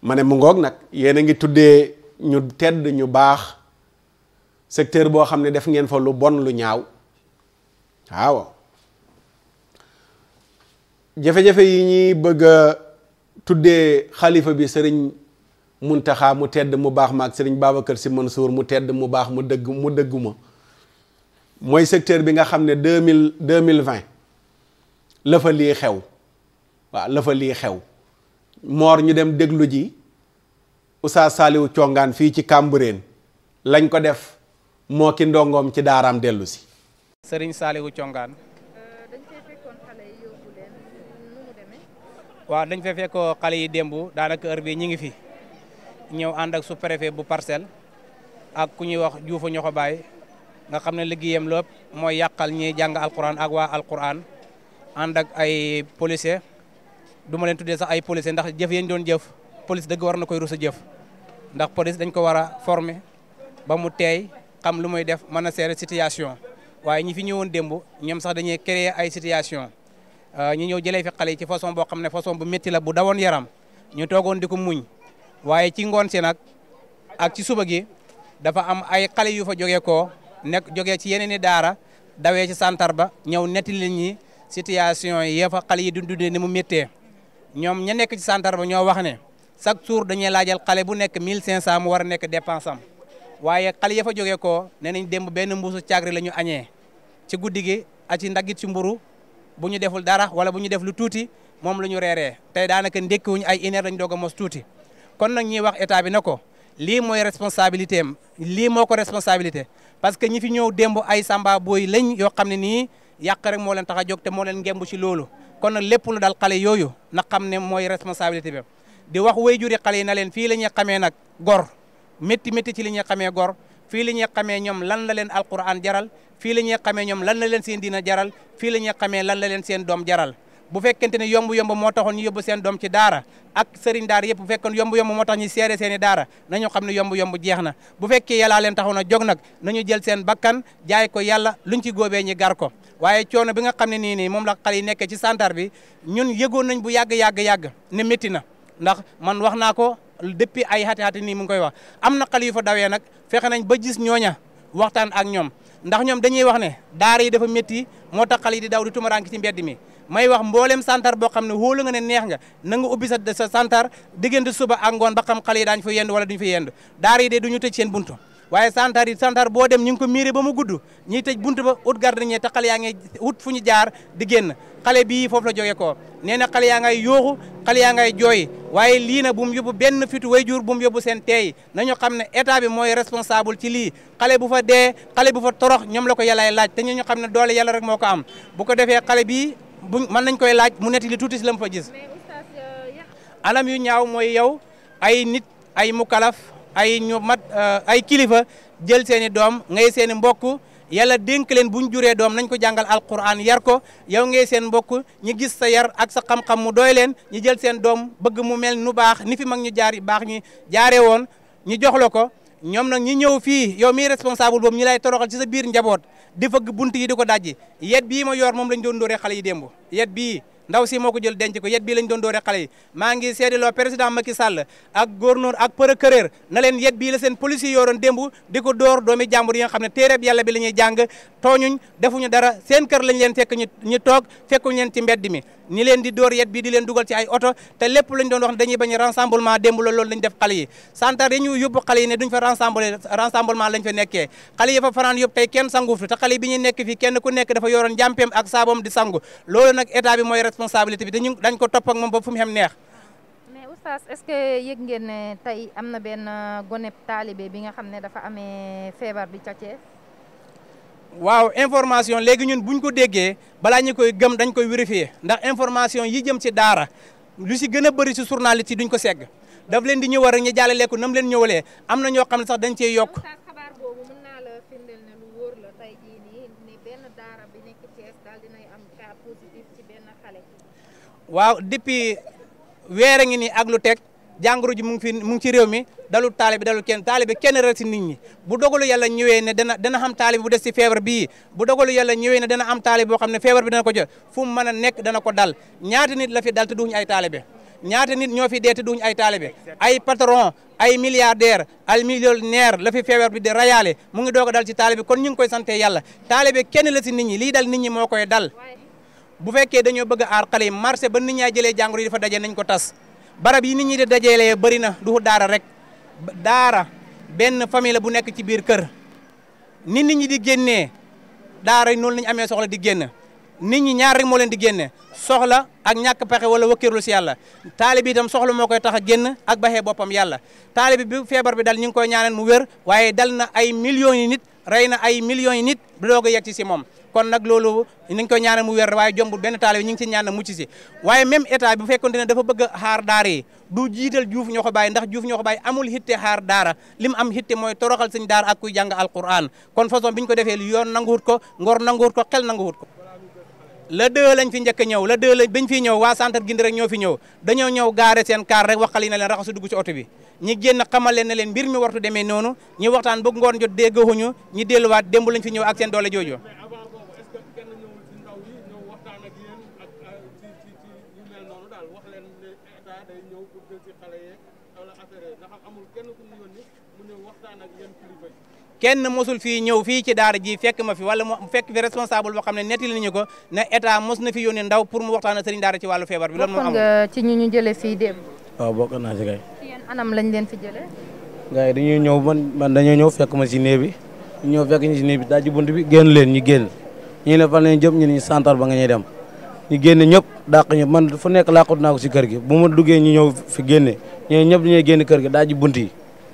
ma ne mu ngoog nag yéen a ngi tuddee ñu tedd ñu baax secteur boo xam ne def ngeen fa bon lu ñaaw waaw jafe yi ñuy bëgg a tuddee xalifa bi sëriñ Muntaxa mu tedd mu baax ma sëriñ Babacar Si Mansour mu tedd mu baax mu dëgg mu dëggu mooy secteur bi nga xam ne deux mille deux mille vingt la fa xew waaw la lii xew moor ñu dem déglu ji usa Saliou Thiongaan fii ci Cambérène lañ ko def moo ki ndongoom ci daaraam dellu si. Serigne Saliou Thiongaan. waaw dañ fee fekk xale yi démb daanaka heure bi ñu ngi fi ñëw ànd ak su préfet bu parcelle ak ku ñuy wax Diouf ñoo nga xam ne léegi liggéeyam lépp mooy yàqal ñiy jàng alquran ak waa alquran ànd ak ay policier du ma leen tuddee sax ay policier ndax jëf yañ doon jëf police dëgg war na koy rusa jëf ndax police dañ ko war a former ba mu teey xam lu muy def man na seere situation waaye ñi fi ñëwoon démb ñoom sax dañuy créer ay situation euh, ñu ñëw jëlee fi xale yi ci façon boo xam ne façon bu métti bu dawoon yaram ñu toogoon di ko muñ waaye ci ngoon si nag ak ci suba gi dafa am ay xale yu fa jógee nekk jógee ci yeneen i daara dawee ci santar ba ñëw netti li ñi situation yi yee fa xale yi dundee ni mu méttee ñoom ña nekk ci santar ba ñoo wax ne chaque jour dañuy laajal xale bu nekk 1500 mu war a nekk dépense waaye xale ya fa joge ko nee nañ démb benn mbuusu cagri la ñu añee ci guddi gi ak ci ci mburu bu ñu deful dara wala bu ñu def lu tuuti moom la ñu reeree tey daanaka ndékkiwuñu ay une heure lañ doog a mos tuuti kon nag ñuy wax état bi na ko lii mooy responsabilité am lii moo ko responsabilité parce que ñi fi ñëw démb ay samba booy lañ yoo xam ne nii yàq rek moo leen tax a jóg te moo leen ngemb si loolu kon nag lépp lu dal xale yooyu na xam ne mooy responsabilité bi di wax wayjuri xale yi na leen fii la ñuy xamee nag gor métti métti ci li ñuy xamee gor fii la ñuy xamee ñoom lan la leen alquran jaral fii la ñuy xamee ñoom lan la leen seen diina jaral fii la ñuy xamee lan la leen seen doom jaral bu fekkente ne yomb-yomb moo taxoon ñu yóbbu seen doom ci daara ak sëriñ daara yëpp bu fekkoon yomb-yomb moo tax ñu seere seen i daara nañu xam ne yomb-yomb jeex na bu fekkee yàllaa leen taxaw na jog nag nañu jël seen bakkan jaay ko yàlla luñ ci góobee ñi gar ko waaye coono bi nga xam ne nii nii moom la xale yi nekkee ci santar bi ñun yëgoon nañ bu yàgg-yàgg-yàgg ne métti na ndax man wax naa ko depuis ay xati xati nii mu ngi koy wax am na xale yu fa dawee nag fexe nañ ba gis ñooña waxtaan ak ñoom ndax ñoom dañuy wax ne daar yi dafa métti moo tax xale yi daw di tumaranki ci mbedd mi may wax mboolem santar boo xam ne wóolu nga ne neex nga na nga ubbi sa santar diggante suba ak ngoon ba xam xale yi daañu fa yend wala duñu fa yend daara yi de du ñu tëj seen buntu waaye santari yi boo dem ñu ngi ko miiré ba mu gudd ñiy tëj bunt ba ut gardien te xale yaa ngi ut fu ñu jaar di génn xale bii foofu la jógee ko nee na xale yaa ngay yooxu xale yaa ngay jooy waaye lii na bu mu yóbbu benn fitu wayjur bu mu yóbbu seen teey nañu xam ne état bi mooy responsable ci lii xale bu fa dee xale bu fa torox ñoom la ko yàllaay laaj te ñu xam ne doole yàlla rek moo ko am bu ko defee xale bii bu mën nañ koy laaj mu netti tuuti si la mu fa gis alam euh, yu ñaaw mooy yow ay nit ay mukalaf ay ñu mat euh, ay kilifa jël seen i doom ngay seen mbokk yàlla dénk leen bu ñu juree doom nañ ko jàngal alquran yar ko yow ngay seen mbokk ñu gis sa yar ak sa xam-xam mu doy leen ñu jël seen doom bëgg mu mel nu baax ni fi mag ñi jaar baax ñi jaaree woon ñu jox la ko ñoom na ñi ñëw fii yow miy responsable boobu ñi lay toroxal ci sa biir njaboot di fëgg bunt yi di ko dajji yet bii ma yor moom lañ doon dooree xale yi démb yet bii ndaw si moo ko jël denc ko yet bii lañ doon doore xale yi maa ngi seediloo président Macky ak gouverneur ak procureur na leen yet bii la seen police yi yoroon di ko door doomi jàmbur yi nga xam ne téereb yàlla bi la ñuy jàng tooñuñ defuñu dara seen kër lañ leen fekk ñu ñu toog fekkuñ leen ci mbedd mi ñi leen di dóor yet bii di leen dugal ci ay oto te lépp lañ doon wax ne dañuy bañ rassemblement démb la loolu lañ def xale yi santar yi ñu yóbbu xale yi ne duñ fa rassemble rassemblement fa nekkee xale yi fa fanaan yóbbu tey kenn sangu fi te xale yi bi ñuy nekk fii kenn ku nekk dafa yoroon jàmpeem ak saaboom di sangu responsabilité bi dañu dañ ko topp ak moom ba fu mu neex. mais oustaz ce que yëg ngeen ne tey am na benn gone taalibe bi nga xam ne dafa amee feebar bi ca waaw information léegi ñun buñ ko déggee balaa ñu koy gëm dañ koy vérifier ndax information yi jëm ci daara lu si gën a bëri si journaliste yi duñ ko segg daf leen di ñëw rek ñu jàllale ko nam leen ñëwalee am na ñoo xam ne sax dañ cee yokk. waaw depuis weer a ngi nii ak lu teg jàngoro ji mu ngi fi mu ci réew mi dalul taalibe dalul kenn taalibe kenn rek si nit ñi bu dogalu yàlla ñëwee ne dana dana xam taalibe bu des si feebar bii bu dogalu yàlla ñëwee ne dana am taalibe boo xam ne feebar bi dana ko jot fu mu mën a nekk dana ko dal ñaata nit la fi dal te duñu ay taalibe ñaata nit ñoo fi dee te duñu ay taalibe ay patron ay milliardaire ay millionnaire la fi feebar bi di rayaale mu ngi doog a dal ci taalibe kon ñu ngi koy sante yàlla taalibe kenn la si nit ñi lii dal nit ñi moo koy dal bu fekkee dañoo bëgg a aar marché ba nit ñaa jëlee jàngoro yi dafa daje nañ ko tas barab yi nit ñi di dajelee bëri na du daara rek daara benn famille bu nekk ci biir kër ni nit di génnee daara noonu lañu amee soxla di génn nit ñi ñaar rek di génne soxla ak ñàkk pexe wala wëkkirlu si yàlla taali bi itam soxla moo koy tax a génn ak baxee boppam yàlla taali bi bu feebar bi dal ñu ngi koy ñaanal mu wér waaye dal na ay millions yi nit rey na ay millions yi nit doog a yegg ci si moom kon nag loolu nañ ko ñaanal mu wér waaye jombul benn taal ñu ngi ci ñaan na mucc si waaye même état bu fekkonte ne dafa bëgg a xaar daara yi du jiital juuf ñoo ko bàyyi ndax juuf ñoo ko bàyyi amul hitte xaar daara li mu am hitte mooy toroxal suñ daar ak kuy jàng alquran kon façon bi ñu ko defee yoon nanguwut ko ngor nanguwut ko xel nanguwut ko la deux fi njëkk ñëw la deux lañ biñ fi ñëw waa santar gindi rek ñoo fi ñëw dañoo ñëw gaare seen kaar rek waxal yi ne leen raxasu dugg ci oto bi ñi génn xamal leen ne leen mbir mi wartu demee noonu ñi waxtaan bëgg ngoon jot déggahuñu ñi delluwaat démb lañ fi ñëw ak seen doole jooju kenn mosul fii ñëw fii ci daara ji fekk ma fi wala mu fekk fi responsable boo xam ne nettali nañu ko ne état mos na fi yónnee ndaw pour mu waxtaan ak sëriñ daara ci wàllu feebar bi. loolu moo am nga ci ñu ñu jëlee fii démb. waaw bokk naa ci kay. ci yéen anam lañ leen fi jëlee. gars yi dañuy ñëw man man dañoo ñëw fekk ma si néeg bi ñëw fekk ñu si néeg bi daal ci bunt bi génn leen ñu génn ñu ne fan lañ jëm ñu ne ñu santar ba nga ñuy dem ñu génn ñëpp dàq ñëpp man fu nekk làqut naa ko si kër gi bu ma duggee ñu ñëw fi génne ñooñu ñëpp dañuy génn kër gi daal ci bunt yi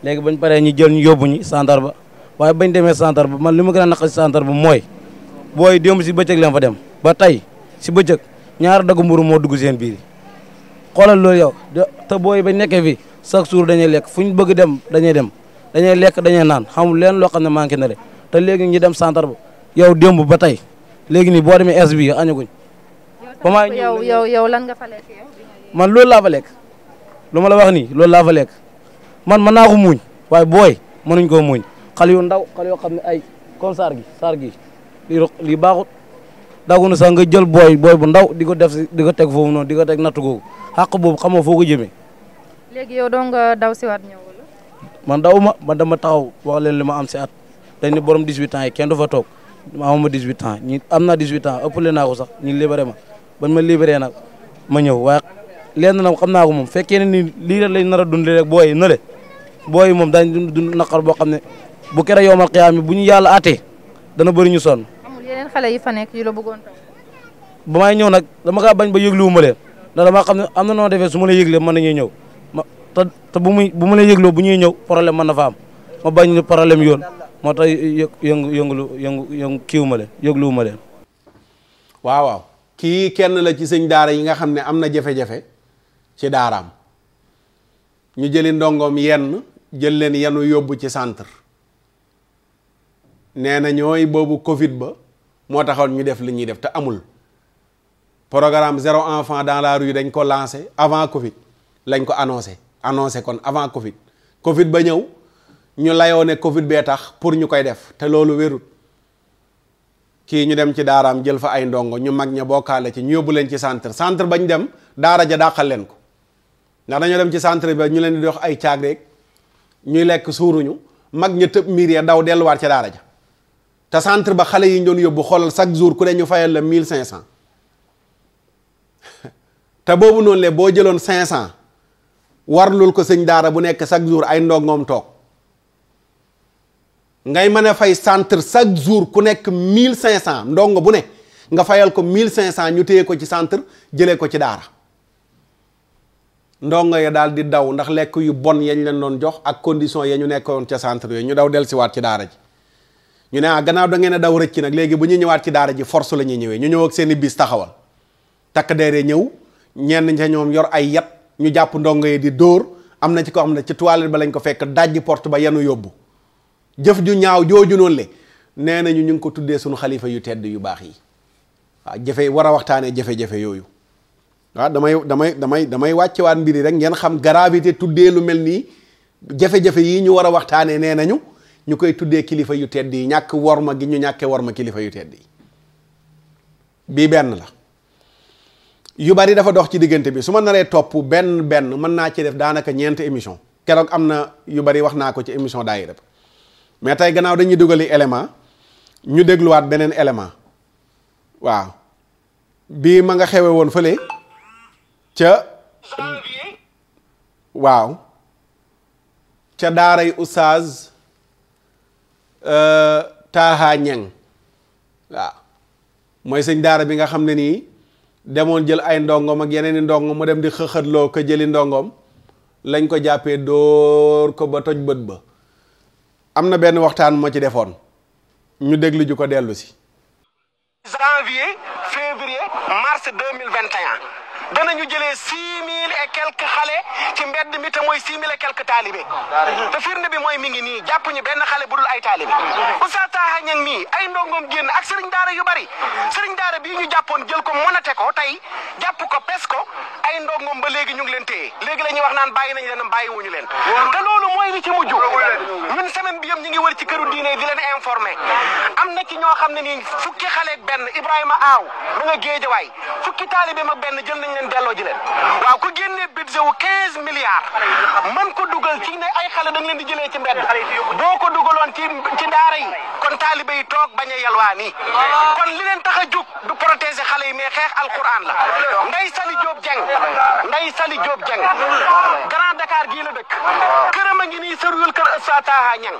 léegi bañ paree ñu jël ñu yóbbu ñu santar ba waaye bañ demee centre ba man li ma gën a naqari centre ba mooy booy démb si bëccëg leen fa dem ba tey si bëccëg ñaar dagg mburu moo dugg seen biir xoolal loolu yow te booy ba nekkee fi chaque jour dañuy lekk fu ñu bëgg dem dañuy dem dañuy lekk dañuy naan xamul leen loo xam ne manqué na de te léegi ñu dem centre ba yow démb ba tey léegi nii boo demee es bi añaguñ ba maa yow yow yow lan nga man loolu laa fa lekk lu ma la wax nii loolu laa fa lekk man mën naa ko muuñ waaye booy mënuñ koo muuñ xale yu ndaw xale yoo xam ne ay comme saar gi gi lii lii baaxut daaguna sax nga jël booy booy bu ndaw di ko def si di ko teg foofu noonu di ko teg natt googu xàq boobu xamoo foo ko jëmee. léegi yow doo nga daw si man daw ma man dama taxaw wax leen li ma am si at dañ ne borom 18 ans yi kenn du fa toog ma amuma 18 ans ñi am naa 18 ans ëppale naa ko sax ñu libéré ma bañ ma libéré nag ma ñëw waaye lenn nag xam naa ko moom fekkee ne ni lii rek lañ nar a dund rek booy yi nële booy yi moom daañu dund naqar boo xam ne bu kere yowmal xiyaam bu ñu yàlla àttee dana bëri ñu sonn. amul yeneen xale yi fa ba may ñëw nag dama kaa bañ ba yëglu ma leen ndax dama xam ne am na noo defee su ma la yëglee mën nañuy ñëw te bu muy bu ma bu ñuy ñëw problème mën na fa am problème yoon moo tax yë yëngu yëngu yëngu kiiwu ma leen ma leen. waaw kii kenn la ci sëñ daara yi nga xam ne am na jafe-jafe ci daaraam ñu jëli ndongoom yenn jël leen yenu yóbbu ci centre. nee na ñooy boobu Covid ba moo taxoon ñu def li ñuy def te amul programme zéro enfant dans la rue dañ ko lancé avant Covid lañ ko annoncé annoncé kon avant Covid Covid ba ñëw ñu layoo ne Covid bee tax pour ñu koy def te loolu wérul kii ñu dem ci daaraam jël fa ay ndongo ñu mag ña bokkaale ci ñu yóbbu leen ci centre centre bañ dem daara ja dàqal leen ko ndax dañoo dem ci centre ba ñu leen di dox ay caag rek ñuy lekk suuruñu mag ña tëb miir ya daw delluwaat ca daara ja te centre ba xale yi ñu doon yóbbu xoolal chaque jour ku ne ñu fayal la 1500 te boobu noonu lee boo jëloon cinq cent warlul ko sëñ daara bu nekk chaque jour ay ndongoom toog ngay mën a fay centre chaque jour ku nekk 1500 ndongo bu ne nga fayal ko mille cinq cent ñu téye ko ci centre jële ko ci daara ndongo ya daal di daw ndax lekk yu bon yañ leen doon jox ak condition ya ñu nekkoon ca centre yooyu ñu daw dellusiwaat ci daara ji. ñu ne ah gannaaw da ngeen a daw rëcc nag léegi bu ñu ñëwaat ci daara ji force la ñuy ñëwee ñu ñëw ak seen i bis taxawal takk deere ñëw ñenn ca ñoom yor ay yat ñu jàpp ndongo yi di dóor am na ci ko xam ne ci toilette ba lañ ko fekk daj porte ba yanu yóbbu jëf ju ñaaw jooju noonu le nee nañu ñu ngi ko tuddee suñu xalifa yu tedd yu baax yi waaw jafe war a waxtaanee jafe-jafe yooyu waaw damay damay damay damay waat mbir yi rek ngeen xam gravité tuddee lu mel nii jafe-jafe ñu war a waxtaanee nee nañu ñu koy tuddee kilifa yu tedd yi ñàkk worma gi ñu ñàkkee ma kilifa yu tedd yi bii benn la yu bari dafa dox ci diggante bi su ma naree topp benn benn mën naa ci def daanaka ñeent émission keroog am na yu bari wax naa ko ci émission daayira ba mais tey gannaaw dañuy dugali élément ñu dégluwaat beneen élément waaw bii ma nga xewe woon fële ca waaw ca daaray oustaz Euh, Taaha Ñeng waaw mooy sëñ daara bi nga xam ne nii demoon jël ay ndongom ak yeneen i ndongo mu dem di xëxëtloo ko jëli ndongom lañ ko jàppee dóor ko ba toj bët ba am na benn waxtaan moo ci defoon ñu dégluju ko dellusi danañu jëlee six mille et quelques xale ci mbedd mi te mooy six mille et quelques taalibe te firnde bi mooy mi ngi nii jàpp ñu benn xale bu dul ay taalibe Oustaz Taha Niang mii ay ndongoom génn ak sëriñ daara yu bari sëriñ daara bii ñu jàppoon jël ko monate ko tey jàpp ko pes ko ay ndongoom ba léegi ñu ngi leen téye léegi la ñuy wax naan bàyyi nañ leen bàyyi wuñu leen te loolu mooy li ci mujj ñun semaine bi yëpp ñu ngi wër ci këru diine di leen informé am na ci ñoo xam ne nii fukki xale benn Ibrahima aaw da nga géejawaay fukki taalibe benn jël nañ leen ji leen waaw ku génnee budget wu 15 milliards mën ko dugal ci ne ay xale da leen di jëlee ci mbedd boo ko dugaloon ci ci daara yi kon taalibe yi toog bañ a yalwaani kon li leen tax a jóg du protéger xale yi mais xeex alquran la nday Sali Diop Dieng nday Sali Diop Dieng Grand Dakar gii la dëkk këram a ngi ni sëruyul kër Assa Taha Ñang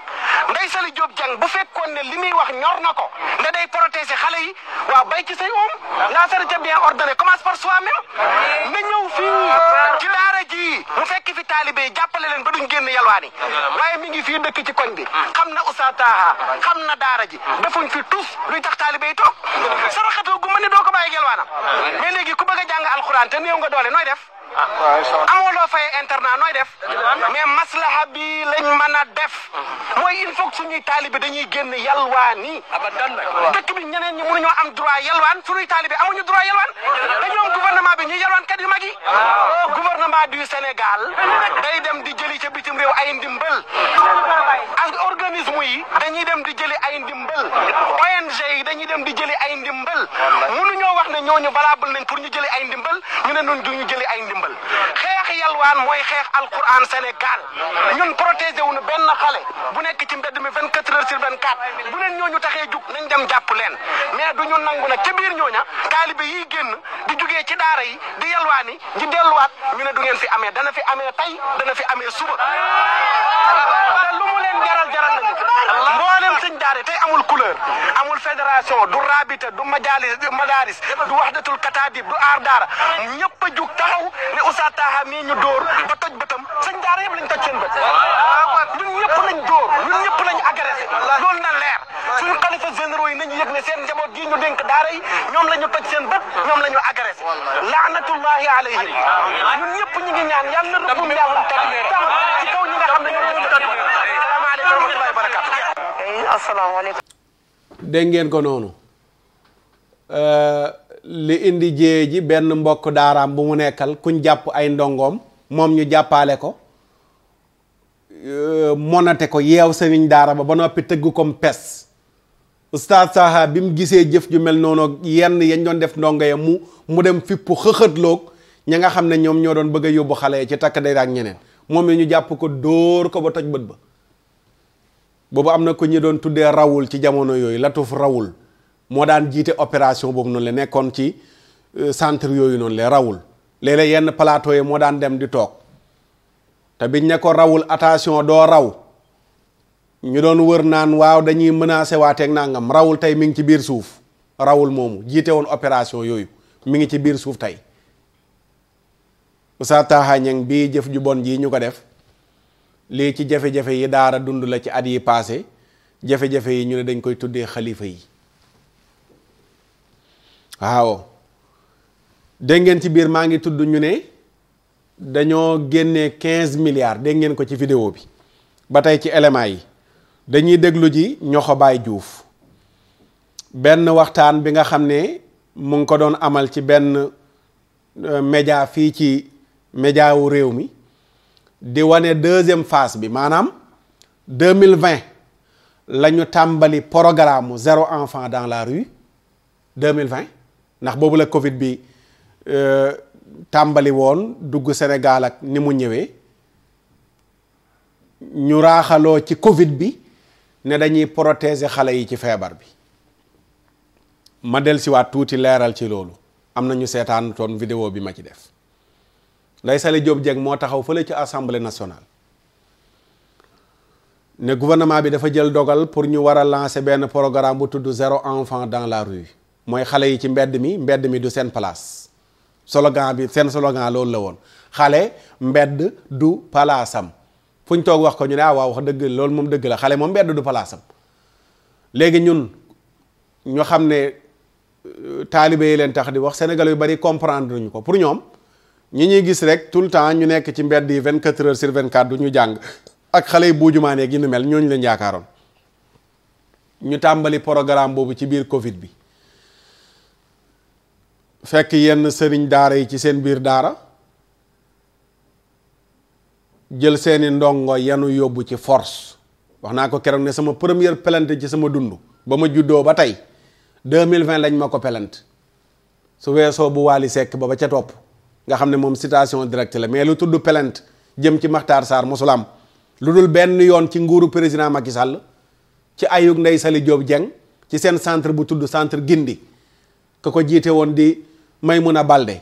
nday Sali Diop Dieng bu fekkoon ne li muy wax ñor na ko ne day protéger xale yi waa bay ci say oom la charité bien ordonnée commence par soi-même nga ñëw fii ci daara ji mu fekk fi taalibe yi jàppale leen ba duñ génn yalwaani waaye mi ngi fii dëkk ci koñ bi xam na Oustaz Taha xam na daara ji defuñ fi tus luy tax taalibe yi toog saraxatoo gu ma ne doo ko bàyyi yalwaanam mais léegi ku bëgg a jàng alxuraan te néew nga doole nooy def amoo loo fay internat nooy def mais maslaha bi lañ mën a def mm-hmm. mooy il faut que suñuy taalibe dañuy génn yalwaani dëkk bi ñeneen ñi mënuñoo am droit yalwaan suñuy taalibe amuñu droit yalwaan dañoom gouvernement bi ñuy yalwaan kat yu mag yi gouvernement du Sénégal day dem di jëli ca bitim réew ay ndimbal ak yi dañuy dem di jëli ay ndimbal ONG dañuy dem di jëli ay ndimbal mënuñoo wax ne ñooñu valable nañ pour ñu jëli ay ndimbal ñu ne ñun duñu ay ndimbal jëmmal xeex yalwaan mooy xeex alquran Sénégal ñun protéger wu ñu benn xale bu nekk ci mbedd mi 24 heures sur 24 bu leen ñooñu taxee jug nañ dem jàpp leen mais du ñu nangu na ca biir ñooña taalibe yi génn di jugee ci daara yi di yalwaan yi di delluwaat ñu ne du ngeen fi amee dana fi amee tey dana fi amee suba. te lu mu leen jaral jaral nañu mboolem sëñ daara tey amul couleur amul fédération du rabita du majalis du madaris du waxdatul kataadib du aar daara ñëpp jug ni Oustaz Taha mii ñu dóor ba toj bëtam sëñ daara yëpp lañ toj seen bët ah, ñun ñëpp lañ dóor ñun ñëpp lañ agressé loolu na leer suñu xalifa généraux yi nañu yëg ne seen njaboot gi ñu dénk daara yi ñoom la ñu toj seen bët ñoom la ñu agressé laanatullahi alayhim ñun ñëpp ñu ngi ñaan yàlla rëbbum yàlla tam ci kaw ñi nga xam ne ñoo doon toj salaamaaleykum wa rahmatullahi wa barakatuh eh, asalaamaaleykum dégg ngeen ko noonu euh, li indi jée ji benn mbokk daaraam bu mu nekkal kuñ jàpp ay ndongoom moom ñu jàppaale ko euh, monate ko yeew sëriñ daara ba ba noppi tëgg comme pes oustaz Saha bi mu gisee jëf ju mel noonu yenn yañ doon def ndongo ya mu mu dem fippu xëxëtloog ña nga xam ne ñoom ñoo doon bëgg a yóbbu xale yi ci takk day ak ñeneen moom ñu jàpp ko dóor ko ba toj bët ba boobu am na ko ñu doon tuddee rawul ci jamono yooyu latuf rawul moo daan jiite opération boobu noonu la nekkoon ci euh, centre yooyu noonu la rawul léeg-léeg yenn plateau yi moo daan dem di toog te biñ ne ko rawul attention doo raw ñu doon wër naan waaw dañuy menacé waateeg nangam rawul tey mi ngi ci biir suuf rawul moomu jiite woon opération yooyu mi ngi ci biir suuf tey Oustaz Taha bii jëf ju bon jii ñu ko def lii ci jafe-jafe yi daara dund la ci at yi passé jafe-jafe yi ñu ne dañ koy tuddee xalifa yi waaw dégg ngeen ci biir maa ngi tudd ñu ne dañoo génne quinze milliards dégg ngeen ko ci vidéo bi ba tey ci éléments yi dañuy déglu ji ñoxo baay juuf benn waxtaan bi nga xam ne mu ngi ko doon amal ci benn euh, média fii ci média wu réew mi di wane deuxième phase bi maanaam deux mille vingt la ñu tàmbali programme zéro enfant dans la rue deux mille vingt ndax boobu la Covid bi euh, tàmbali woon dugg Sénégal ak ni mu ñëwee ñu raaxaloo ci Covid bi ne dañuy protéger xale yi ci feebar bi ma dellusiwaat tuuti leeral ci loolu am na ñu seetaan toon vidéo bi ma ci def Ndeye Saly Diop Dieng moo taxaw fële ci assemblée nationale ne gouvernement bi dafa jël dogal pour ñu war a lancer benn programme bu tudd zéro enfant dans la rue. mooy xale yi ci mbedd mi mbedd mi du seen place slogan bi seen slogan loolu la woon xale mbedd du palaasam fu ñu toog wax ko ñu ne ah wax dëgg loolu moom dëgg la xale moom mbedd du palaasam léegi ñun ñu xam ne euh, taalibe yi leen tax di wax sénégal yu bari comprendre ñu ko pour ñoom ñi ñuy gis rek tout le temps ñu nekk ci mbedd yi 24 heures sur 24 du ñu jàng ak xale yi buujumaanee gi ñu mel ñooñu leen yaakaaroon ñu tàmbali programme boobu ci biir Covid bi. fekk yenn sëriñ daara yi ci seen biir daara jël seeni ndongo yanu yóbbu ci force wax naa ko keroog ne sama première plainte ci sama dund ba ma juddoo ba tey mille vingt lañ ma ko plainte su weesoo bu waali sekk ba ba ca topp nga xam ne moom citation direct la mais lu tudd plainte jëm ci Makhtar Sarr mosul lu dul benn yoon ci nguuru président Macky Sall ci ayug Ndeye Saly Diop Dieng ci seen centre bu tudd centre Gindi ka ko jiite woon di may a Balde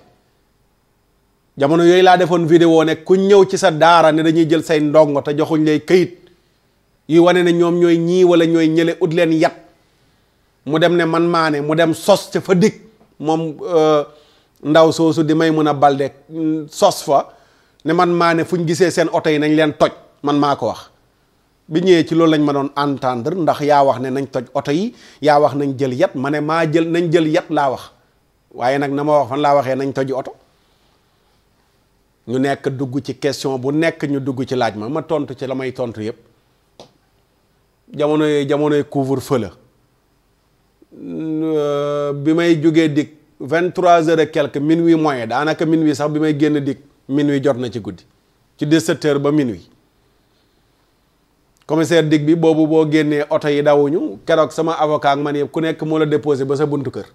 jamono yooyu laa defoon vidéo ne ku ñëw ci sa daara ne dañuy jël say ndongo te joxuñ lay këyit yu wane ne ñoom ñooy ñii wala ñooy ñële ut leen yat mu dem ne man maa ne mu dem sos ca fa dikk moom euh, ndaw soosu di may a Balde mm, sos fa ne man maa ne fu ñu gisee seen oto yi nañ leen toj man maa ko wax bi ñëwee ci loolu lañ ma doon entendre ndax yaa wax ne nañ toj oto yi yaa wax nañ jël yat ma ne maa jël nañ jël yat laa wax waaye nag na ma wax fan laa waxee nañ toji oto ñu nekk dugg ci question bu nekk ñu dugg ci laaj ma ma tontu ci la may tontu yëpp jamonoy jamonoy couvre-feu euh, bi may jógee dikk vingt-trois heures quelque minuit moyen daanaka minuit sax bi may génn dik minuit jot na ci guddi ci dix-sept ba minuit commissaire dig bi boobu boo génnee oto yi dawuñu keroog sama avocat ak man yëpp ku nekk moo la déposé ba sa buntu kër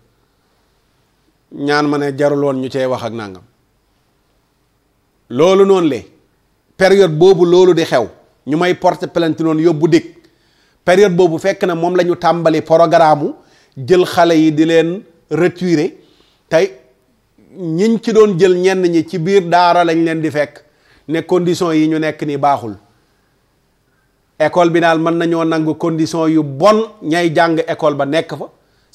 ñaan ma ne jaruloon ñu cee wax ak nangam loolu noonu le période boobu loolu di xew ñu may porte plainte noonu yóbbu dikk période boobu fekk na moom la ñu tàmbali programme jël xale yi di leen retiré tey ñiñ ci doon jël ñenn ñi ci biir daara lañ leen di fekk ne condition yi ñu nekk nii baaxul école bi daal mën nañoo nangu condition yu bon ñay jàng école ba nekk fa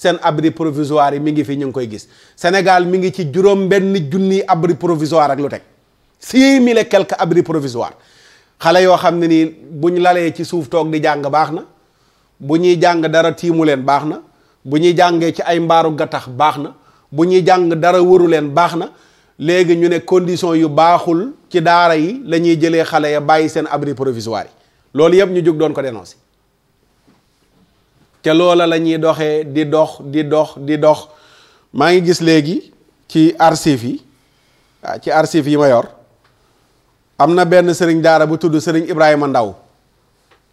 seen abri provisoire yi mi ngi fi ñu ngi koy gis Sénégal mi ngi ci juróom benn junni abri provisoire ak lu teg six mille et quelques abri provisoire xale yoo xam ne nii bu ñu lalee ci suuf toog di jàng baax na bu ñuy jàng dara tiimu leen baax na bu ñuy jàngee ci ay mbaaru gattax baax na bu ñuy jàng dara waru leen baax na léegi ñu ne condition yu baaxul ci daara yi lañuy jëlee xale ya bàyyi seen abri provisoire yi loolu yëpp ñu jóg doon ko dénoncé ca loola la ñuy doxee di dox di dox di dox maa ngi gis léegi ci archives yi ci archives yi ma yor am na benn sëriñ daara bu tudd sëriñ Ibrahima Ndaw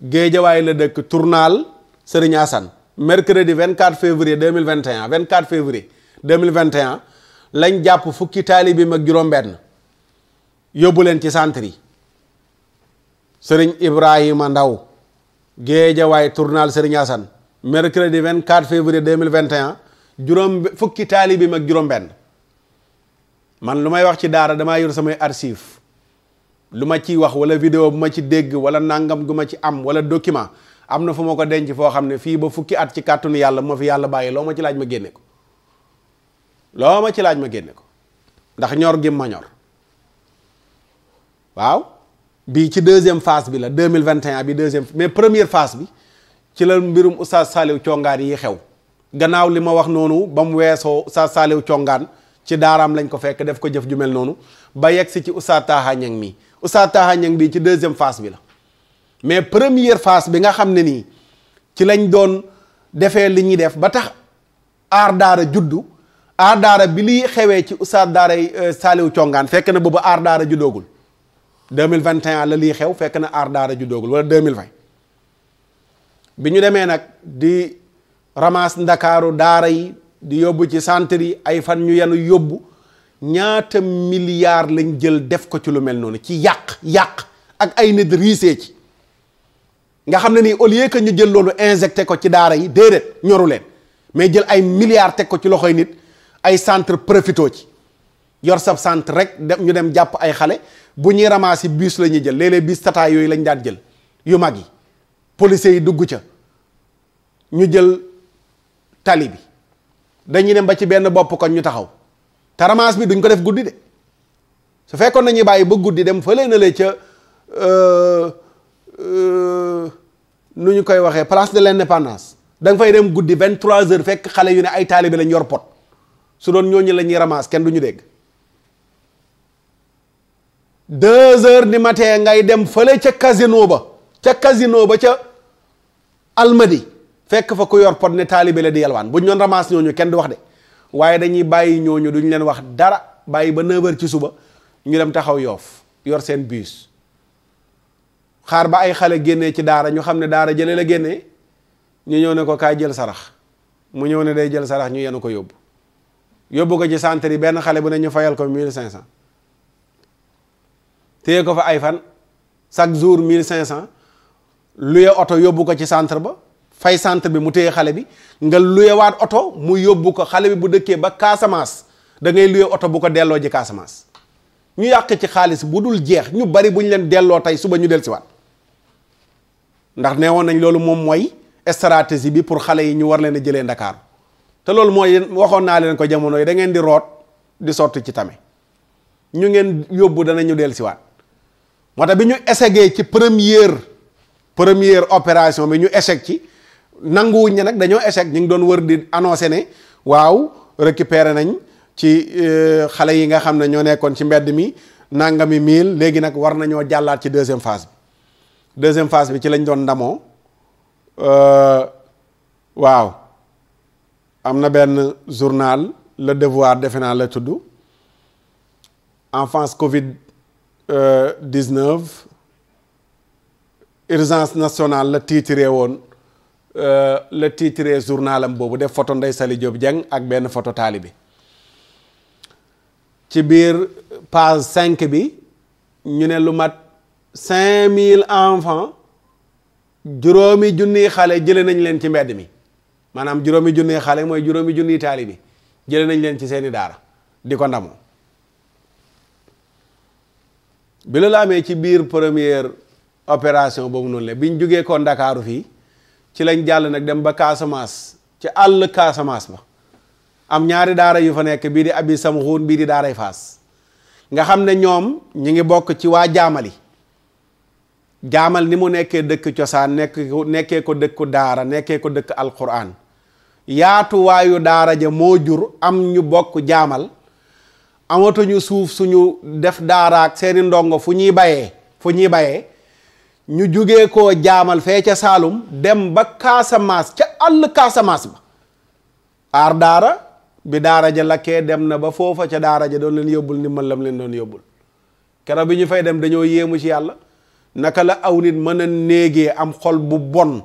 géejawaay la dëkk tournal sëriñ Assane mercredi 24 février 2021 24 février 2021 lañ jàpp fukki taalibeem ak juróom-benn yóbbu leen ci centre yi sëriñ Ibrahima Ndaw géejawaay tournal sëriñ Assane mercredi 24 février 2021 juróom fukki taalibi mag juróom-benn man lu may wax ci daara damaa yor samay archive lu ma ciy wax wala vidéo bu ma ci dégg wala nangam gu ma ci am wala document am na fu ma ko denc foo xam ne fii ba fukki at ci kàttanu yàlla ma fi yàlla bàyyi loo ma ci laaj ma génne ko loo ma ci laaj ma génne ko ndax ñor gi ma ñor waaw bii ci deuxième phase bi la 2021 bi deuxième mais première phase bi ci la mbirum Oustaz Saliou Thiongaan yi xew gannaaw li ma wax noonu ba mu weesoo Oustaz Saliou congaan ci daaraam lañ ko fekk def ko jëf ju mel noonu ba yegg si ci Oustaz Taha Niang mii Oustaz Taha Niang bii ci deuxième phase bi la mais première fas bi nga xam ne nii ci lañ doon defee li ñuy def ba tax aar daara juddu aar daara bi liy xewee ci Oustaz daara euh, Saliou Thiongaan fekk na boobu aar daara juddoogul 2021 la liy xew fekk na aar daara juddoogul wala 2020 bi ñu demee nag di ramas ndakaaru daara yi di yóbbu ci centre yi ay fan ñu yenu yóbbu ñaata milliards lañ jël def ko ci lu mel noonu ci yàq yàq ak ay nit riisee ci nga xam ne nii au lieu que ñu jël loolu injecté ko ci daara yi déedéet ñoru leen mais jël ay milliards teg ko ci loxoy nit ay centre profito ci yor sab centre rek ñu dem jàpp ay xale bu ñuy ramasser bus la ñuy jël léeg-léeg bus tata yooyu lañ daan jël yu mag yi policiers yi dugg ca ñu jël tali bi dañuy dem ba ci benn bopp kon ñu taxaw te ramas bi duñ ko def guddi de su fekkoon nañuy bàyyi ba guddi dem fële na le ca euh, euh, nu ñu koy waxee place de l'indépendance da nga fay dem guddi vingt trois heures fekk xale yu ne ay taalibe lañ yor pot su doon ñooñu la ñuy ramas kenn du ñu dégg deux heures ni matin ngay dem fële ca casino ba ca casino ba ca almadi fekk fa ku yor pot ne taalibe la di yalwaan buñ doon ramasse ñooñu kenn du wax de waaye dañuy bàyyi ñooñu duñu leen wax dara bàyyi ba 9 ci suba ñu dem taxaw yoof yor seen bus xaar ba ay xale génnee ci daara ñu xam ne daara jëlee la génnee ñu ñëw ne ko kaay jël sarax mu ñëw ne day jël sarax ñu yenu ko yóbbu yóbbu ko ci centre yi benn xale bu ne ñu fayal ko cinq 1500 téye ko fa ay fan chaque jour mille cinq 1500. luye oto yóbbu ko ci centre ba fay centre bi mu téye xale bi nga luyewaat oto mu yóbbu ko xale bi bu dëkkee ba Casamance da ngay luye oto bu ko delloo ji Casamance ñu yàq ci xaalis bu dul jeex ñu bari bu ñu leen delloo tey suba ñu siwaat ndax nee woon nañ loolu moom mooy stratégie bi pour xale yi ñu war leen a jëlee Ndakaaru te loolu mooy waxoon naa leen ko jamono yi da ngeen di root di sotti ci tame ñu ngeen yóbbu danañu dellusiwaat moo tax bi ñu essayé ci première. première opération bi ñu échec ci nanguwuñ ne nag dañoo échec ñu ngi doon wër di annoncé ne waaw récupéré nañ ci euh, xale yi nga xam ne ñoo nekkoon ci mbedd mi nangami mille léegi nag war nañoo jàllaat ci deuxième phase bi deuxième phase bi ci lañ doon ndamoo euh, waaw am na benn journal Le Devoir defe naa la tudd enfance Covid 19 euh, urgence nationale la tiitiree woon euh, la tiitiree journalam boobu def photo Ndeye sali Diop Dieng ak benn photo taalibe ci biir page cinq bi ñu ne lu mat cinq mille enfants juróomi junniy xale jële nañ leen ci mbedd mi maanaam juróomi junniy xale mooy juróomi junniy taalibe jële nañ leen ci seeni daara di ko ndamoo bi loolu amee ci biir première opération boobu noonu la bi ñu jógee koo Ndakaaru fii ci lañ jàll nag dem ba Casamance ci àll Casamance ba am ñaari daara yu fa nekk bii di abi samxuun bii di daaray faas nga xam ne ñoom ñi ngi bokk ci waa jaamali jaamal ni mu nekkee dëkk cosaan nekk nekkee ko dëkku daara nekkee ko dëkk alquran yaatuwaayu daara ja moo jur am ñu bokk jaamal amatuñu suuf suñu def daaraak seeni ndongo fu ñuy bayee fu ñuy bayee ñu jugee koo jaamal fee ca Saalum dem ba Casamance ca àll Casamance ba aar daara bi daara ja lakkee dem na ba foofa ca daara ja doon leen yóbbul ndimbal lam leen doon yóbbul keroog bi ñu fay dem dañoo yéemu ci yàlla naka la aw nit mën a néegee am xol bu bon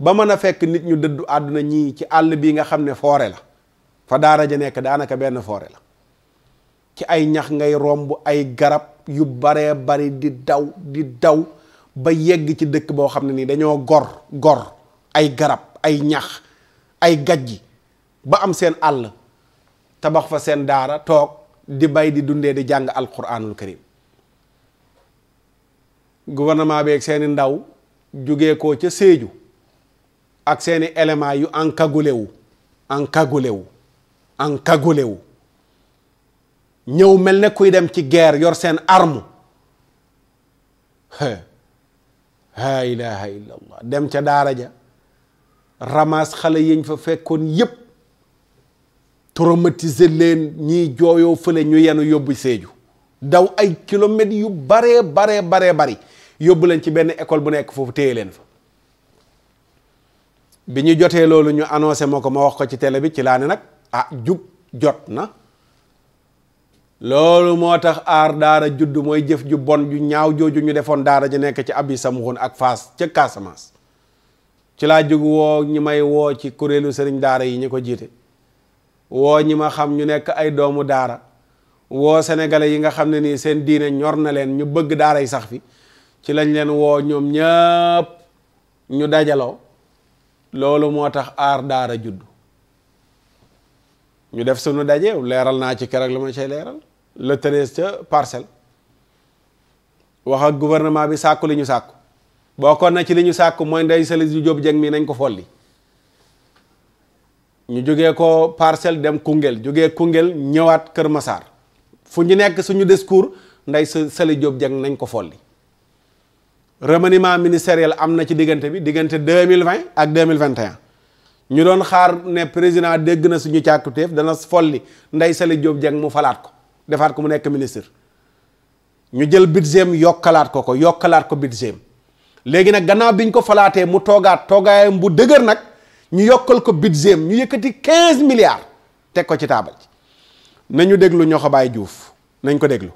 ba mën a fekk nit ñu dëddu àdduna ñii ci àll bii nga xam ne foore la fa daara ja nekk daanaka benn foore la ci ay ñax ngay romb ay garab yu baree bari di daw di daw ba yegg ci dëkk boo xam ne nii dañoo gor gor ay garab ay ñax ay gajji ba am seen àll tabax fa seen daara toog di bay di dundee di jàng alquranul karim gouvernement bi ak seeni ndaw jóge ko ca Sédhiou ak seeni élément yu encagoulé wu encagoulé wu encagoulé wu ñëw mel ne kuy dem ci guerre yor seen arme laa ilaha illa dem ca daara ja ramaas xale yeñ fa fekkoon yépp traumatiser leen ñiy jooyoo fële ñu yenu yóbbu seeju daw ay kilomètres yu bare baree baree bari yóbbu leen ci benn école bu nekk foofu téye leen fa bi ñu jotee loolu ñu annoncé ma ko ma wax ko ci télé bi ci laa ne nag ah jub jot na loolu moo tax aar daara juddu mooy jëf ju bon ju ñaaw jooju ñu defoon daara ji nekk ci abi samuxun ak faas ca Casamance ci laa jóg woo ñi may woo ci kuréelu sëriñ daara yi ñu ko jiite woo ñi ma xam ñu nekk ay doomu daara woo sénégalais yi nga xam ne nii seen diine ñor na leen ñu bëgg daara yi sax fi ci lañ leen woo ñoom ñëpp ñu dajaloo loolu moo tax aar daara juddu ñu def sunu daje leeral naa ci keroog la ma cay leeral le treize ca parcelle wax ak gouvernement bi sàkku li ñu sàkku kon na ci li ñu sàkku mooy ndey salis yu jóob jeng mi nañ ko folli ñu jógee ko parcelle dem Koungheul jógee Koungheul ñëwaat Kër Massar fu ñu nekk suñu des discours ndey salis jóob jeng nañ ko folli remaniement ministériel am na ci diggante bi diggante deux mille vingt ak deux mille vingt et ñu doon xaar ne président dégg na suñu càkkutéef dana folli ndey salis jóob jeng mu falaat ko defaat ko mu nekk ministre ñu jël budgetam yokkalaat ko ko yokkalaat ko budgetam léegi nag gannaaw biñ ko falaatee mu toogaat toogaayam bu dëgër nag ñu yokkal ko budgetam ñu yëkkati quinze milliards teg ko ci taabal ji nañu déglu ñoo ko bàyyi Diouf nañ ko déglu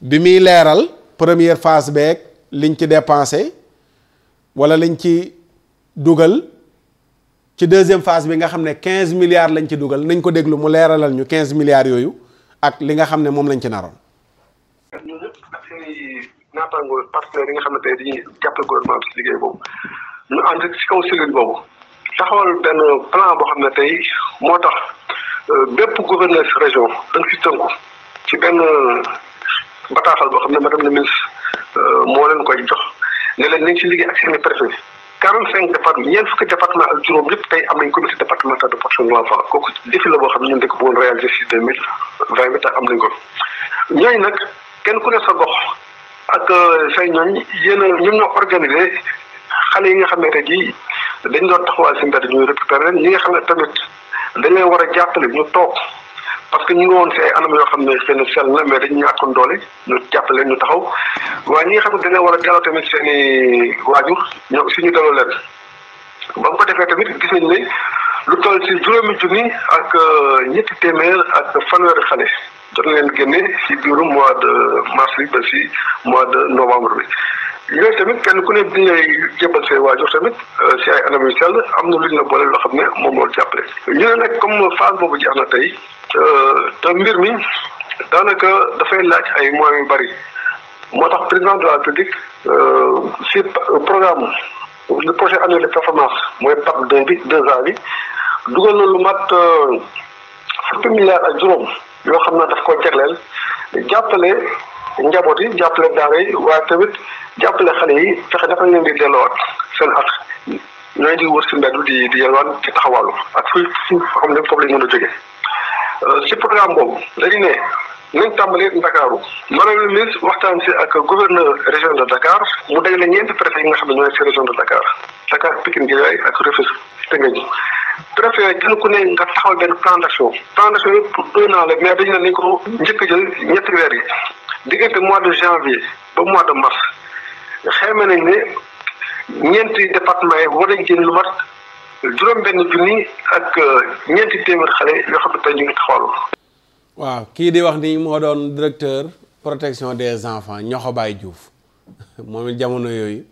bi muy leeral première phase beek liñ ci dépensé wala liñ ci dugal ci deuxième phase bi nga xam ne quinze milliards lañ ci dugal nañ ko déglu mu leeralal ñu quinze milliards yooyu ak li nga xam ne moom lañ ci naroon. ñun ñëpp ak seen i naataangoo partenaires li nga xam ne tey dañuy jàppale gouvernement bi si liggéey boobu ñu ànd si kaw boobu taxawal benn plan boo xam ne tey moo tax euh, bépp gouverneur si région da ci si tënku ci benn bataaxal boo xam ne madame la ministre euh, moo leen koy jox ne leen nañ si liggéey ak seen i quarante cinq département ñeent fukki département ak tey am nañ comité départemental de protection de l' enfant kooku défi la boo xam ne ñun dañ réaliser si deux mille vingt bi tax am nañ ko ñooñu nag kenn ku nekk sa ak euh, say ñooñ yéen a ñoom ñoo organiser xale yi nga xam ne tey jii dañ doon taxawal si mbedd ñu récupérer leen ñi nga xam ne tamit dañ leen war a jàppale ñu toog parce que ñu woon si ay anam yoo xam ne seen sell na mais dañu ñàkkoon doole ñu jàppale ñu taxaw waaye ñi nga xam ne war a delloo tamit seeni i waajur ñoo si ñu delloo leen ba mu ko defee tamit gis nañ ne lu toll si juróomi junni ak euh, ñetti téeméer ak fanweeri xale jot na leen génne si mois de mars ba si mois de novembre bi. yooyu tamit kenn ku ne bi ñu jëppal jébal say waajur tamit si euh, ay anam yu sell am na lu ñu la boole loo xam ne moom moo jàppale. ñu ne nag comme phase boobu jeex na tey. te euh, mbir mi daanaka dafay laaj ay moyens yu bari moo tax président de la République euh, si performance mooy PAP deux bi deux ans bi lu mat euh, fukki milliards ak juróom yoo xam ne daf ko jegleel jàppale njaboot yi jàppale daara yi waaye tamit jàppale xale yi fexe dafa leen di delloowaat seen ak ñooñu di wër si mbedd di di yelwaan ci taxawaalu ak fu fu xam ne foofu lañ mën a jógee. si euh, programme boobu dañu ne nañ tàmbalee Ndakaaru madame la ministre waxtaan si ak gouverneur région de Dakar mu dajale ñeenti préfet yi nga xam ne ñooy si région de Dakar Dakar Pikine Guédiawaye ak Rufisque Tëngéej préfet yooyu kenn ku ne nga taxawal benn plan d'action plan d'action yëpp pour un an la mais dañu ne nañ ko njëkk jël ñetti weer yi diggante mois de janvier ba mois de mars xayma nañ ne ñeenti département yi war nañ ci lu mat juróom-benn junni ak euh, ñeenti téeméer xale yoo xam ne ñu ngi taxawal. waaw kii di wax ni moo doon directeur protection des enfants Ñoxo Baye juuf moom it jamono yooyu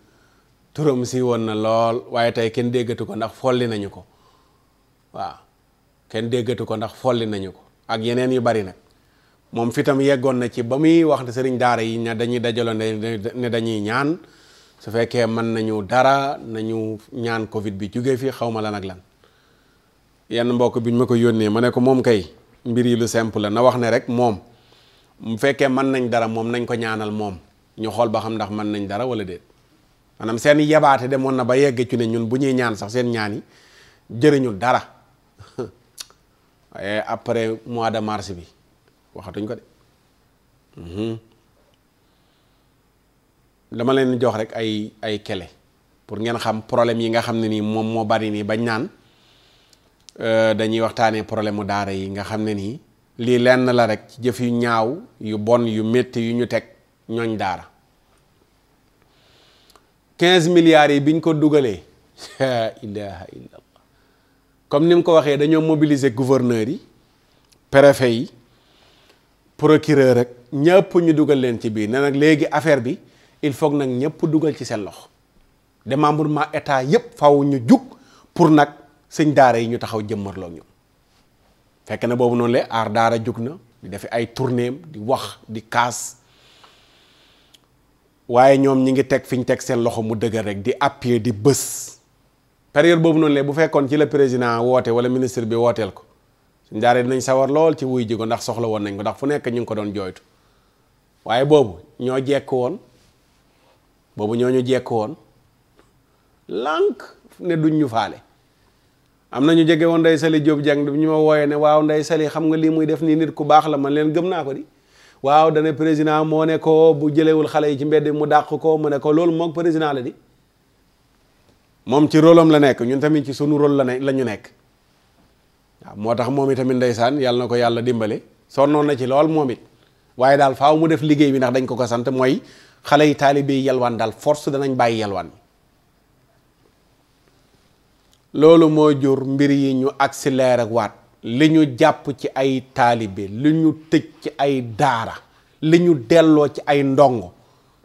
turam si woon na lool waaye tey kenn déggatu ko ndax folli nañu ko waaw kenn déggatu ko ndax folli nañu ko ak yeneen yu bari nag moom fi tam yeggoon na ci ba muy wax sëriñ daara yi ne dañuy dajaloo ne dañuy ñaan. su fekkee mën nañu dara nañu ñaan Covid bi jugee fii xawma ma lan lan yenn mbokk bi ñu ma ko yónnee ma ne ko moom kay mbir yi lu simple la na wax ne rek moom mu fekkee mën nañ dara moom nañ ko ñaanal moom ñu xool ba xam ndax mën nañ dara wala déet maanaam seen yabaate demoon na ba yegg ci ne ñun bu ñuy ñaan sax seen ñaan yi jëriñul dara waaye après mois de mars bi waxatuñ ko de. Mhm. dama leen jox rek ay ay kele pour ngeen xam problème yi nga xam ne nii moom moo bari nii bañ naan euh, dañuy waxtaanee problème mu daara yi nga xam ne nii lii lenn la rek ci jëf yu ñaaw yu bon yu métti yu ñu teg ñooñ daara quinze milliards yi biñ ko dugalee laa ilaha illa allah ni mu ko waxee dañoo mobiliser gouverneurs yi préfet yi procureur rek ñëpp ñu dugal leen ci biir ne nag léegi affaire bi il faut nag ñëpp dugal ci seen loxo démembrement état yëpp faaw ñu jug pour nag sëñ daara yi ñu taxaw jëmmarloo ñu fekk na boobu noonu la aar daara jug na di def ay tournéem di wax di kaas waaye ñoom ñi ngi teg fi ñu teg seen loxo mu dëgër rek di appuyer di bës période boobu noonu lee bu fekkoon ci la président woote wala ministre bi wooteel ko suñ daara dinañ sawar lool ci wuy ji ndax soxla woon nañ ko ndax fu nekk ñu ngi ko doon jooytu waaye boobu boobu ñoo ñu jekk woon lànk ne duñ ñu faale am na ñu jege woon Ndeye Sali Diop jàng bi ñu ma wooyee ne waaw Ndeye Sali xam nga lii muy def nii nit ku baax la man leen gëm naa ko di waaw dana président moo ne ko bu jëlewul xale yi ci mbedd mu dàq ko mu ne ko loolu moom président la di moom ci rôlam la nekk ñun tamit ci sunu rol la ne lañu nekk waaw moo tax moom tamit ndeysaan yàlla na ko yàlla dimbale sonnoon na ci lool moom it waaye daal faaw mu def liggéey bi ndax dañ ko ko sant mooy xale yi taalibe yi yalwaan daal force danañ bàyyi yalwaan loolu moo jur mbir yi ñu accéléré waat li ñu jàpp ci ay taalibe li ñu tëj ci ay daara li ñu delloo ci ay ndongo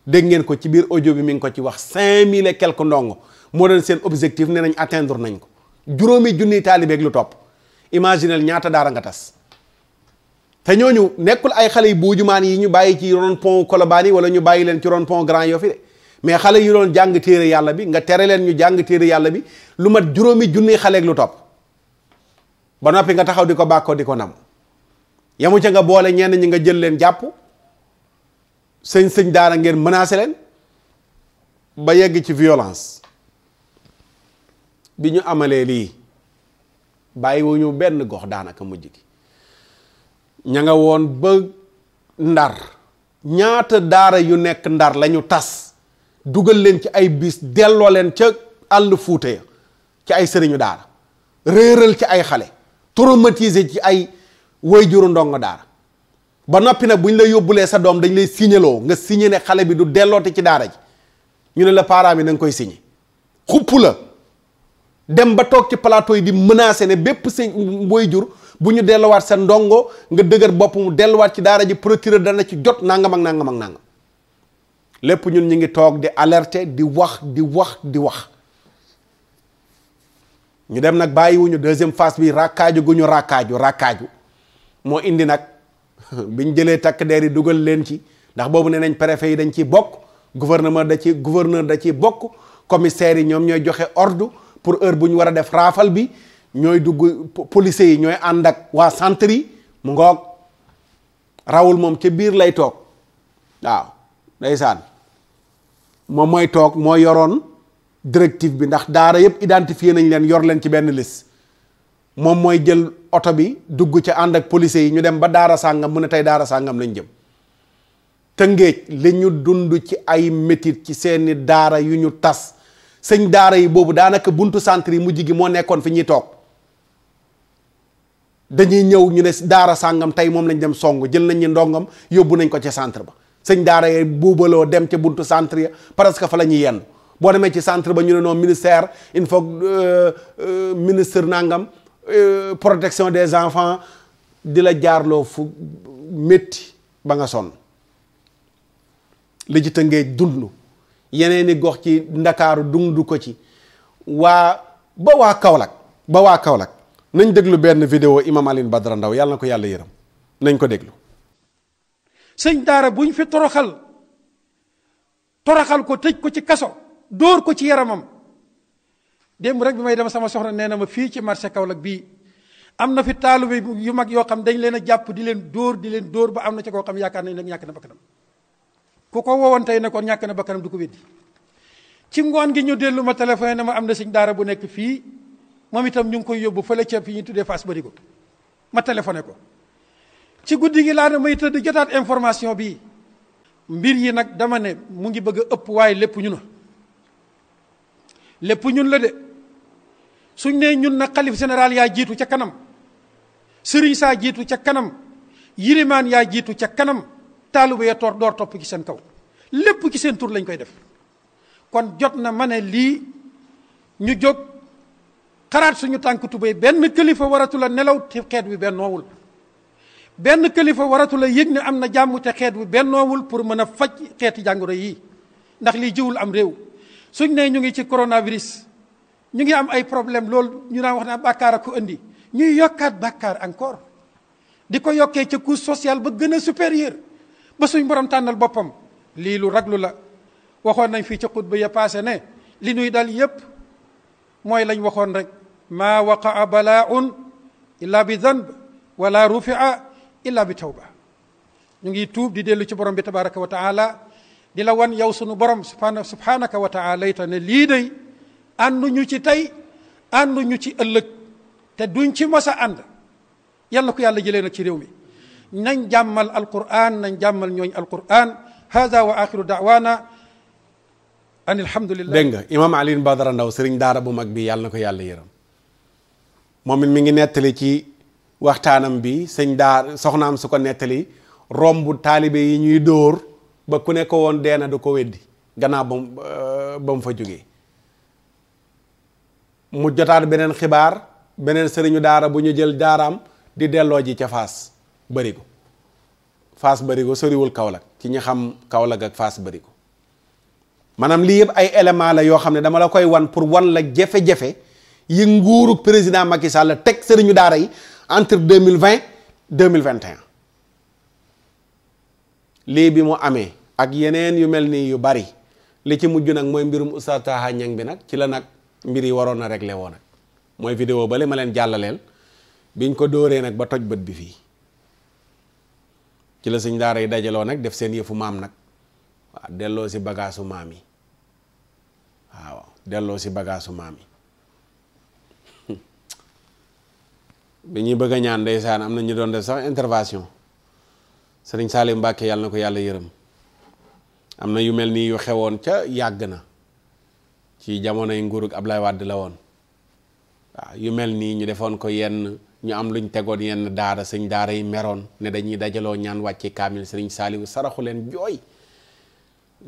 dégg ngeen ko ci biir audio bi mi ngi ko ci wax cinq mille et ndongo moo doon seen objectif ne nañ atteindre nañ ko juróomi junniy taalibe lu topp imaginel ñaata daara nga tas te ñu nekkul ay xale yu buujumaan yi ñu bàyyi ci ron pont Colobane yi ñu bàyyi leen ci ron pont Grand Yoff de mais xale yu doon jàng téere yàlla bi nga tere leen ñu jàng téere yàlla bi lu mat juróomi junni xale ak lu topp ba noppi nga taxaw di ko bàkkoo di ko nam yamu ca nga boole ñeen ñi nga jël leen jàpp sëñ sëñ daana ngeen menacé leen ba yegg ci violence bi ñu amalee lii bàyyiwuñu benn gox daanaka mujj gi ña nga woon ba ndar ñaata daara yu nekk ndar lañu tas dugal leen ci ay bis delloo leen ca àll fuute ya ci ay sëriñu daara réeral ci ay xale traumatisé ci ay juru ndong daara ba noppi nag bu ñu la yóbbulee sa doom dañ lay signaloo nga signé xale bi du delloote ci daara ji ñu ne la parent bi na koy signé xupp la dem ba toog ci plateau yi di menacé ne bépp sëñ jur bu ñu delluwaat sa ndongo nga dëgër bopp mu delluwaat ci daara ji procureur dana ci jot nangam ak nangam lépp ñun ñu ngi toog di alerter di wax di wax di wax. ñu dem nag bàyyiwuñu deuxième phase bi rakkaaju gu ñu rakkaaju rakkaaju moo indi nag biñ jëlee takk deer yi dugal leen ci ndax boobu nee nañ préfet yi dañ ciy bokk gouvernement da ciy gouverneur da ciy bokk commissaire yi ñoom ñooy joxe ordu pour heure bu ñu war a def raafal bi ñooy dugg policiers yi ñooy ànd ak waa centre mu ngoog rawul moom ca biir lay toog waaw ndeysaan moom mooy toog moo yoroon directive bi ndax daara yépp identifier nañ leen yor leen ci benn liste moom mooy jël oto bi dugg ci ànd ak policiers yi ñu dem ba daara sàngam mu ne tey daara sàngam lañ jëm tëngéej li ñu dund ci ay métit ci seeni daara yu ñu tas sëñ daara yi boobu daanaka buntu centre yi mujj gi moo nekkoon fi ñuy toog dañuy ñëw ñu ne daara sàngam tey moom lañ dem song jël nañ ñu ndongam yóbbu nañ ko ca centre ba sëñ daara ya buubaloo dem ca buntu centre ya parce que fa la ñuy yenn boo demee ci centre ba ñu ne noon ministère il faut euh, euh, ministre nangam euh, protection des enfants di la jaarloo fu métti ba nga sonn li ci tëngee dund yeneen i gox ci ndakaaru dundu ko ci waa ba waa Kaolack ba waa Kaolack nañ déglu benn video imam Alioune Badara Ndao yàlla na ko yàlla yërëm nañ ko déglu sëñ daara ñu fi toroxal toroxal ko tëj ko ci kaso dóor ko ci yaramam démb rek bi may dem sama soxna nee na ma fii ci marché Kaolack bii am na fi taalibe yu mag yoo xam dañ leen a jàpp di leen dóor di leen dóor ba am na ci koo xam yaakaar nañ nag ñàkk na bakkanam ku ko woowoon tey ne ko ñàkk na bakkanam du ko weddi ci ngoon gi ñu dellu ma téléphone ne ma am na sëñ daara bu nekk fii moom itam ñu ngi koy yóbbu fële ca fi ñu tuddee Fass Barigo ma téléphoné ko ci guddi gi laa ne may tëdd jotaat information bi mbir yi nag dama ne mu ngi bëgg ëpp waaye lépp ñu na lépp ñun la de suñ ne ñun na xalif général yaa jiitu ca kanam sëriñ saa jiitu ca kanam yirimaan yaa jiitu ca kanam taaliba ya toor door topp ci seen kaw lépp ci seen tur lañ koy def kon jot na ma ne lii ñu jóg xaraat suñu tànk tubéy benn kilifa waratu la nelaw te xeet wi bennoowul benn kilifa waratu la yëg ne am na jàmm te xeet wi bennoowul pour mën a faj xeeti jàngoro yii ndax lii jiwul am réew suñ ne ñu ngi ci coronavirus ñu ngi am ay problème loolu ñu naa wax naa bàkkaar a ko indi ñuy yokkaat bàkkaar encore di ko yokkee ca couche sociale ba gën a supérieur ba suñ borom tànnal boppam lii lu raglu la waxoon nañ fii ca xutba ya passé ne li ñuy dal yépp mooy lañ waxoon rek maa waqaa balaaun illa bi zanb wala rufia bi tawba ñu tuub di dellu ci borom bi tabaraka wa taala di la wan yow sunu borom subhana subhanaka wa taala te ne lii day àndu ñu ci tey àndu ñu ci ëllëg te duñ ci mos a ànd yal na ko yàlla jëlee nag ci réew mi nañ jàmmal alquran nañ jàmmal ñooñ alquran hada wa axiru daawaana an alhamdulillah dégg nga imaam Alioune bu mag bi yàlla ko yàlla yërëm moom it mi ngi nettali ci waxtaanam bi sëñ daar soxnaam su ko nettali romb taalibe yi ñuy dóor ba ku ne ko woon deena du ko weddi gannaaw ba mu euh, ba mu fa jógee mu jotaat beneen xibaar beneen sëriñu daara bu ñu jël daaraam di delloo ji ca faas barigo faas barigo soriwul Kaolack ci ñu xam Kaolack ak faas barigo maanaam lii yëpp ay élément la yoo xam ne dama la koy wan pour wan la jafe-jafe yi nguuru président Macky Sall teg sëriñu daara yi entre deux mille vingt deux mille vingt et lii bi mu amee ak yeneen yu mel nii yu bari li ci mujj nag mooy mbirum Oustaz Taha Niang bi nag ci la nag mbir yi waroon na réglé woo nag mooy vidéo bale ma leen jàllaleel biñ ko dóoree nag ba toj bët bi fii ci la sëñ daara yi dajaloo nag def seen yëfu maam nag waaw delloo si bagaasu maam yi waaw delloo si bagaasu maam yi bi ñuy bëgg a ñaan ndeysaan am na ñu doon def sax intervention sëriñ Salim Mbàkke yàlla ko yàlla yërëm am na yu mel nii yu xewoon ca yàgg na ci jamonoy nguurug Ablaye Wade la woon yu mel nii ñu defoon ko yenn ñu am luñ tegoon yenn daada sëñ daara yi meroon ne dañuy dajaloo ñaan wàcce kaamil sëriñ Saaliwu saraxu leen jooy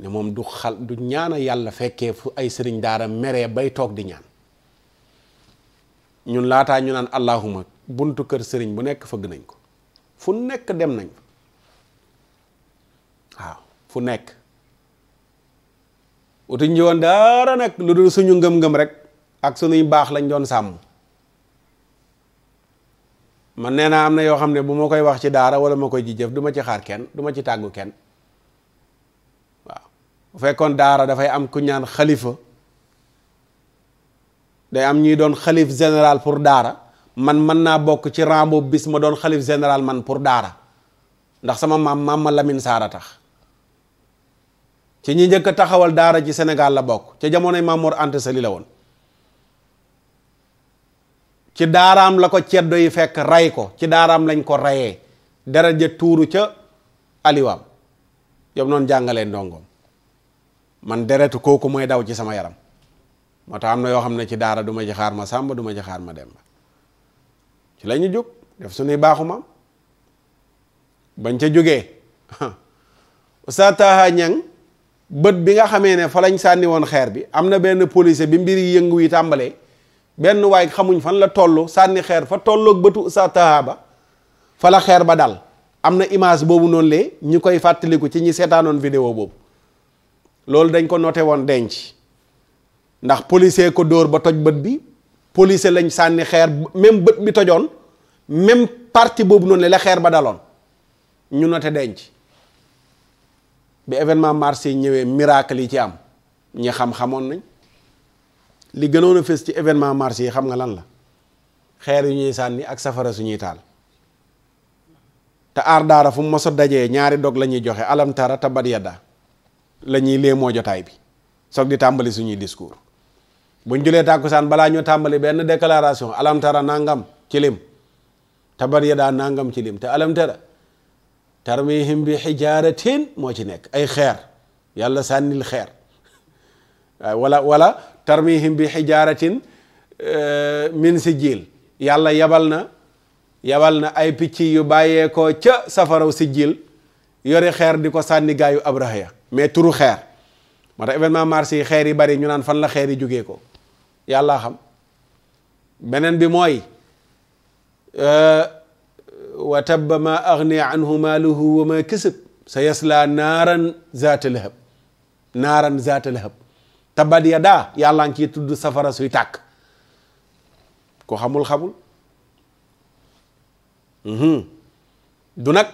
ne moom du xal du ñaana yàlla fekkee fu ay sëriñ daara meree bay toog di ñaan ñun laataa ñu naan allahuma buntu kër sëriñ bu nekk fëgg nañ ko fu nekk dem nañ waaw fu nekk utuñ ji woon dara nag lu dul suñu ngëm-ngëm rek ak suñuy baax lañ doon sàmm man nee naa am na yoo xam ne bu ma koy wax ci daara wala ma koy ji jëf du ma ci xaar kenn du ma ci tàggu kenn waaw bu fekkoon daara dafay am ku ñaan xalifa day am ñuy doon xalif général pour daara man mën naa bokk ci rang bis ma doon xalif général man pour daara ndax sama maam maam ma Lamine Saara tax ci ñi njëkk a taxawal daara ci Sénégal la bokk ca jamonoy Mamour Anta Sali la woon ci daaraam la ko ceddo yi fekk ray ko ci daaraam lañ ko rayee daraja tuuru ca aliwaam yow noonu jàngalee ndongoom man deretu kooku mooy daw ci sama yaram moo tax am na yoo xam ne ci daara du ma ci xaar ma sàmba duma ma ci xaar ma demba ci la ñu jóg def suñuy baaxu maam bañ ca jógee Oustaz Taha Niang bët bi nga xamee ne fa lañ sànni woon xeer bi am na benn policier bi mbir yi yëngu yi tàmbalee benn waay xamuñ fan la toll sànni xeer fa tollook bëtu Oustaz Taha ba fa la xeer ba dal am na image boobu noonu lee ñu koy fàttaliku ci ñi seetaanoon vidéo boobu loolu dañ ko noote woon denc ndax policier ko dóor ba toj bët bi policier lañ sànni xeer même bët bi tojoon même parti boobu noonu la xeer ba daloon ñu note denc bi événement mars yi ñëwee miracle yi ci am ñi xam xamoon nañ li gënoon a fës ci événement mars yi xam nga lan la xeer yu ñuy sànni ak safara suñuy taal te aar daara fu mu mos a dajee ñaari dog la ñuy joxe alam tara yadda la ñuy léemoo jotaay bi soog di tàmbali suñuy discours buñ julee tàkkusaan balaa ñu tàmbali benn déclaration alam nangam ci lim tabar yadaa nangam ci lim te alam tara tarmihim bi xijaaratin moo ci nekk ay xeer yàlla sànnil xeer wala wala tarmihim bi xijaaratin eh, min jiil yàlla yabal na yabal na ay picc yu bàyyeekoo ca safaraw sijil yore xeer di ko sànni gaayu abraha ya mais turu xeer moo tax événement marché yi xeer yi bari ñu naan fan la xeer yi jógee ko yàlla xam beneen bi mooy wa tabba ma agni anhu maaluhu wa ma kasab sa yaslaa naaran zaata lahab naaran zaata lahab tabbat yadaa yàlla ngi ciy tudd safara suy tàkk ku xamul xamul du nag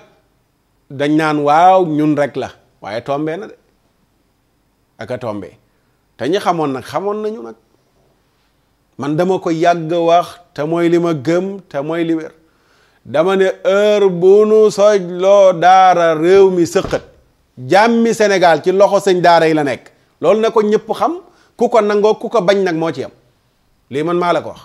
dañ naan waaw ñun rek la waaye tombee na de aka tombee te xamoon nag xamoon nañu nag man dama ko yàgg wax te mooy li ma gëm te mooy li wér dama ne heure bu nu soj loo daara réew mi sëqat jàmmi Sénégal ci loxo sëñ daara yi la nekk loolu na ko ñëpp xam ku ko nangoo ku ko bañ nag moo ci yam lii man maa la ko wax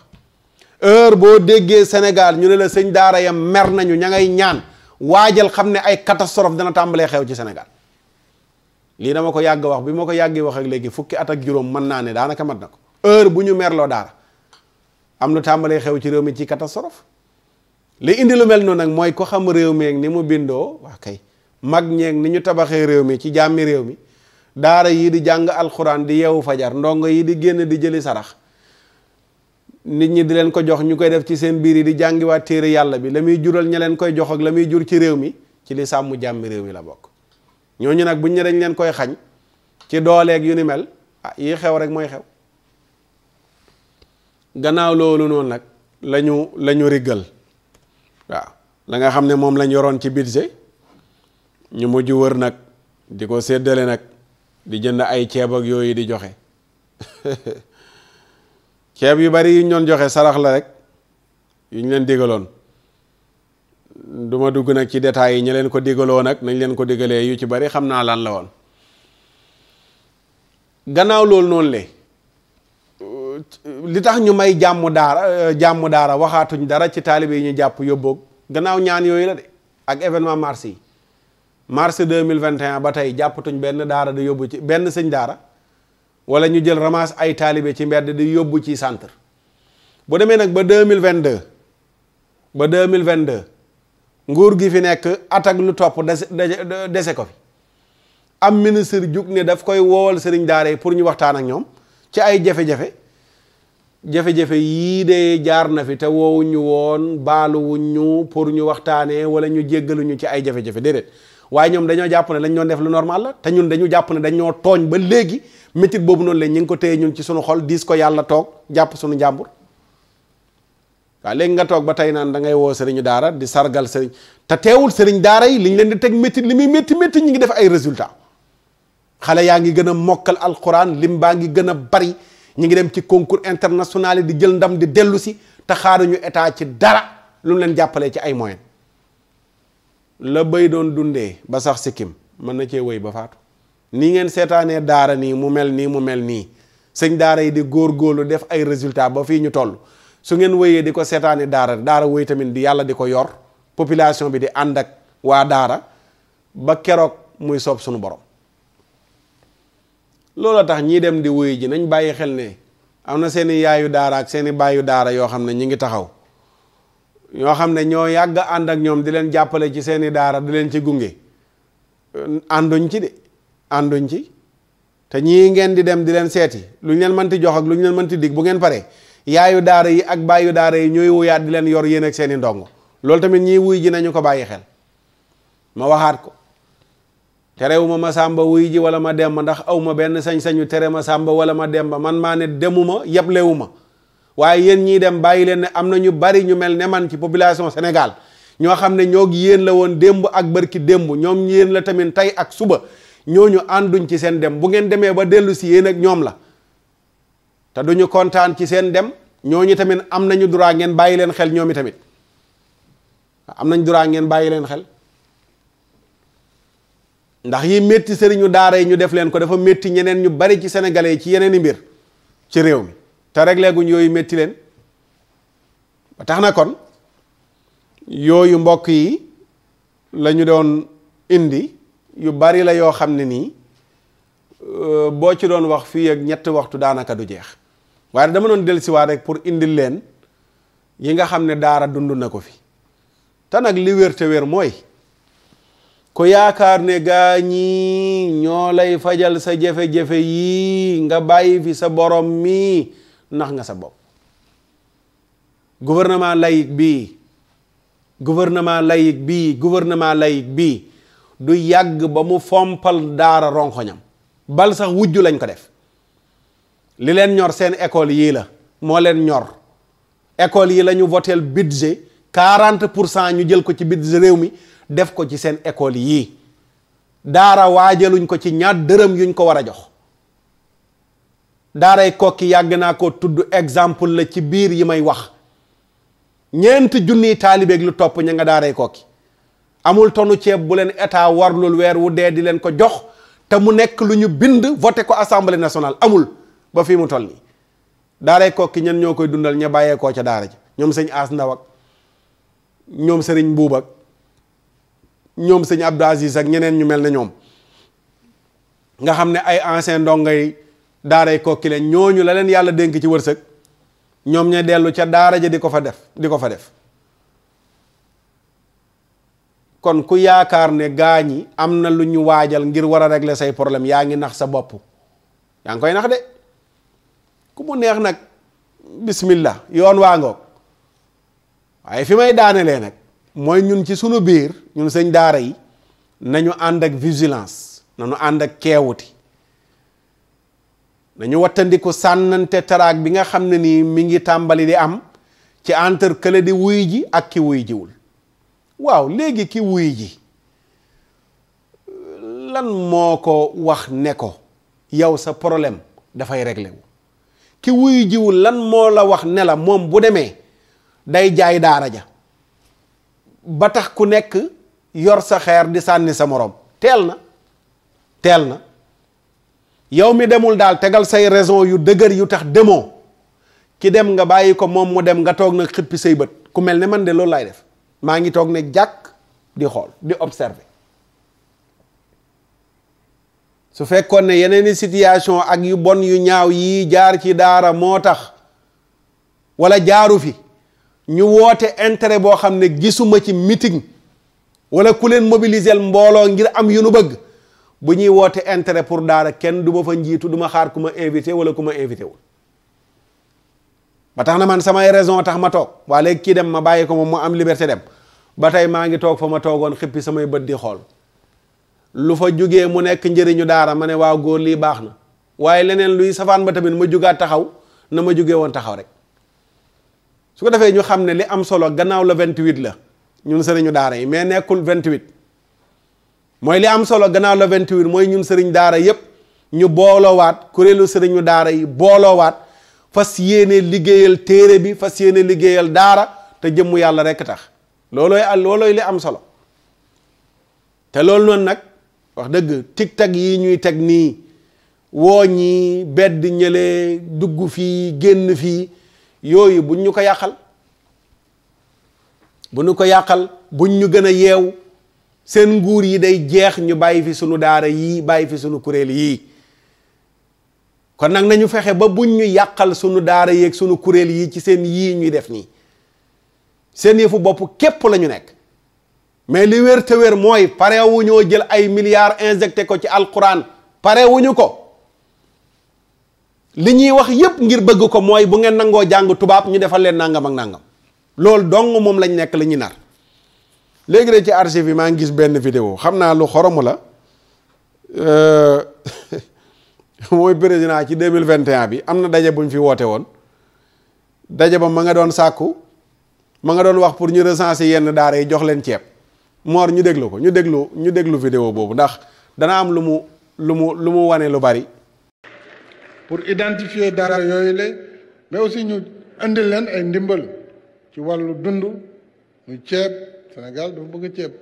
heure boo déggee Sénégal ñu ne la sëñ daara yam mer nañu ña ngay ñaan waajal xam ne ay catastrophe dana tàmbalee xew ci Sénégal lii dama ko yàgg wax bi ma ko yàggi wax léegi fukki at ak juróom mën naa ne daanaka mat na ko heure bu ñu merloo daara am lu tàmbalee xew ci réew mi ci catastrophe li indi lu mel noonu nag mooy ko xam réew mi ak ni mu bindoo waa kay mag ñeeg ni ñu tabaxee réew mi ci jàmmi réew mi daara yi di jàng alxuraan di yeewu fajar ndongo yi di génn di jëli sarax nit ñi di leen ko jox ñu koy def ci seen biir yi di jàngiwaat téere yàlla bi la muy jural ña leen koy jox ak la muy jur ci réew mi ci li sàmm jàmmi réew mi la bokk ñooñu nag bu ne dañ leen koy xañ ci dooleeg yu ni mel ah yi xew rek mooy xew gannaaw loolu noonu nag lañu lañu la ñu riggal waaw la nga xam ne moom lañ yoroon ci budget ñu mujj wër nag di ko séddale nag di jënd ay ceeb ak yooyu di joxe ceeb yu bari yuñ doon joxe sarax la rek yuñ leen digaloon du dugg nag ci détails yi ñu leen ko digaloo nag nañ leen ko digalee yu ci bari xam naa lan la woon gannaaw loolu noonu le li tax ñu may jàmm daara euh, jàmm daara waxaatuñ dara ci taalibe yi ñu jàpp yóbbook gannaaw ñaan yooyu la de ak événement mars yi mars 2021 ba tey jàppatuñ benn daara di yóbbu ci benn sëñ daara wala ñu jël ramasse ay taalibe ci mbedd di yóbbu ci centre bu demee nag ba 2022 ba 2022 nguur gi fi nekk at ak lu topp dese dese ko fi am ministre jug ne daf koy woowal sëriñ daara yi pour ñu waxtaan ak ñoom ci ay jafe-jafe jafe-jafe yii de jaar na fi te woowuñu woon baaluwuñ ñu pour ñu waxtaanee wala ñu jéggaluñu ci ay jafe-jafe déedéet waaye ñoom dañoo jàpp ne lañ doon def lu normal la te ñun dañu jàpp ne dañoo tooñ ba léegi métit boobu noonu lañ ñu ngi ko téye ñun ci suñu xol diis ko yàlla toog jàpp sunu njàmbur waaw léegi nga toog ba tey naan da ngay woo sëriñu daara di sargal sëriñ te teewul sëriñ daara yi liñ leen di teg métit li muy métti métti ñu ngi def ay résultat xale yaa ngi gën a mokkal alquran lim baa ngi gën a bari ñu ngi dem ci concours international di jël ndam di dellu si te xaaruñu état ci dara lu mu leen jàppalee ci ay moyens la bëy doon dundee ba sax sikkim mën na cee wéy ba faatu nii ngeen seetaanee daara nii mu mel nii mu mel nii sëñ daara yi di góor góorgóorlu def ay résultat ba fii ñu toll su ngeen wéyee di ko seetaanee daara daara wéy tamit di yàlla di ko yor population bi di ànd ak waa daara ba keroog muy soob sunu borom. looloo tax ñii dem di wuyu ji nañ bàyyi xel ne am na seeni yaayu daara ak seen i baayu daara yoo xam ne ñi ngi taxaw ñoo xam ne ñoo yàgg ànd ak ñoom di leen jàppale ci seeni daara di leen ci gunge ànduñ ci de ànduñ ci te ñii ngeen di dem di leen seeti lu ñu leen mënti jox ak lu ñu leen mënti dig bu ngeen paree yaayu daara yi ak baayu daara yi ñooy wuyaat di leen yor yéen ak seeni i ndongo loolu tamit ñii wuy ji nañu ko bàyyi xel ma waxaat ko terewu ma ma sàmba wuy ji wala ma demba ndax awma benn sañ-sañu tere ma sàmba wala ma demba man maa ne demuma yeblewu ma waaye yéen ñiy dem bàyyi leen ne am na ñu bari ñu mel ne man ci population Sénégal ñoo xam ne ñoo yéen la woon démb ak bërki démb ñoom yéen la tamit tey ak suba ñooñu ànduñ ci seen dem bu ngeen demee ba dellu si yéen ak ñoom la te duñu kontaan ci seen dem ñooñu tamit am nañu droit ngeen bàyyi leen xel ñoom i tamit am nañ droit ngeen bàyyi leen xel ndax yi métti sëriñu daara yi ñu def leen ko dafa métti ñeneen ñu bari ci senegale yi ci yeneen i mbir ci réew mi te réglé guñ yooyu métti leen ba tax na kon yooyu mbokk yi lañu ñu doon indi yu bari la yoo xam ne nii euh, boo ci doon wax fii ak ñett waxtu daanaka du jeex waaye dama doon dellusiwaat rek pour indil leen yi nga xam ne daara dund na ko fi te nag li wér te wér mooy ko yaakaar ne gaa ñii ñoo lay fajal sa jafe-jafe yii nga bàyyi fi sa borom mi nax nga sa bopp gouvernement laïque bi gouvernement laïque bi gouvernement laïque bi du yàgg ba mu fompal daara ronkoñam bal sax wujju lañ ko def li leen ñor seen école yii la moo leen ñor école yi lañu ñu votel budget quarante pour cent ñu jël ko ci budget réew mi def ko ci seen école yii daara waajaluñ ko ci ñaar dërëm yuñ ko war a jox daaray kokki yàgg naa ko tudd exemple la ci biir yi may wax ñeent junniy taalibeeg lu topp ña nga daaray kokki amul tonu ceeb bu leen état warlul weer wu dee di leen ko jox te mu nekk lu ñu bind voté ko assemblée nationale amul ba fii mu toll nii daaray kokki ñen ñoo koy dundal ña bàyyeekoo ca daara ji ñoom sëñ As Ndaw ñoom sëriñ Buub ñoom sëñ Abdou Aziz ak ñeneen ñu mel na ñoom nga xam ne ay ancien ndongay daaray kokki leen ñooñu la leen yàlla dénk ci wërsëg ñoom ña dellu ca daara ja di ko fa def di ko fa def kon ku yaakaar ne gaa ñi am na lu ñu waajal ngir war a régler say problème yaa ngi nax sa bopp yaa ngi koy nax de ku mu neex nag bismillah yoon waa ngoog waaye fi may daanelee nag mooy ñun ci sunu biir ñun sëñ daara yi nañu ànd ak vigilance nañu ànd ak keewuti nañu wattandiku sànnante taraak bi nga xam ne nii mi ngi tàmbali di am ci entre kële wuy ji ak ki wuy jiwul waaw léegi ki wuy ji lan moo ko wax ne ko yow sa problème dafay réglé wu ki wuy jiwul lan moo la wax ne la moom bu demee day jaay daara ja ba tax ku nekk yor sa xeer di sànni sa moroom teel na teel na yow mi demul daal tegal say raison yu dëgër yu tax demoo ki dem nga bàyyi ko moom mu dem nga toog nag xippi say bët ku mel ni man de loolu laay def maa ngi toog ne jàkk di xool di observer su fekkoon ne yeneen i situation ak yu bon yu ñaaw yii jaar ci daara moo tax wala jaaru fi ñu woote intérêt boo xam ne gisuma ci mitin wala ku leen mobiliser mbooloo ngir am yu nu bëgg bu ñuy woote intérêt pour daara kenn du ma fa njiitu duma xaar ku ma invité wala ku ma invité wul ba tax na man samay raison tax ma toog waa léegi kii dem ma bàyyi ko moom mu am liberté dem ba tey maa ngi toog fa ma toogoon xippi samay bët di xool lu fa jógee mu nekk njëriñu daara ma ne waaw góor lii baax na waaye leneen luy safaan ba tamit ma jugaat taxaw na ma jugee woon taxaw rek su ko defee ñu xam ne li am solo gannaaw la 28 la ñun sëriñu daara yi mais nekkul 28 mooy li am solo gannaaw la 28 mooy ñun sëriñ daara yépp ñu booloowaat kuréelu sëriñu daara yi booloowaat fas yéene liggéeyal téere bi fas yéene liggéeyal daara te jëmmu yàlla rekk tax loolooy al loolooy li am solo te loolu noon nag wax dëgg tic-tac yi ñuy teg nii woo ñi bedd ñële dugg fii génn fii yooyu buñ ñu ko yàqal bu ñu ko yàqal buñ ñu gën a yeew seen nguur yi day jeex ñu bàyyi fi sunu daara yii bàyyi fi sunu kuréel yii kon nag nañu fexe ba buñ ñu yàqal sunu daara yeeg sunu kuréel yii ci seen yii ñuy def nii seen yëfu bopp képp lañu nekk mais li wér te wér mooy pare wu ñoo jël ay milliards injecté ko ci alquran pare wuñu ko li ñuy wax yépp ngir bëgg ko mooy bu ngeen nangoo jàng tubaab ñu defal leen nangam ak nangam loolu dong moom lañ nekk la ñuy nar léegi de ci archive bi maa ngi gis benn vidéo xam naa lu xoromu la euh, mooy président ci 2021 bi am na daje buñ fi woote woon daje ba mu nga doon sàkku ma nga doon wax pour ñu recenser yenn daara yi jox leen ceeb moor ñu déglu ko ñu déglu ñu déglu vidéo boobu ndax dana am lu mu lu mu lu mu wane lu bari pour identifier dara yooyu la mais aussi ñu indi leen ay ndimbal ci wàllu dund muy ceeb Sénégal dafa bëgg ceeb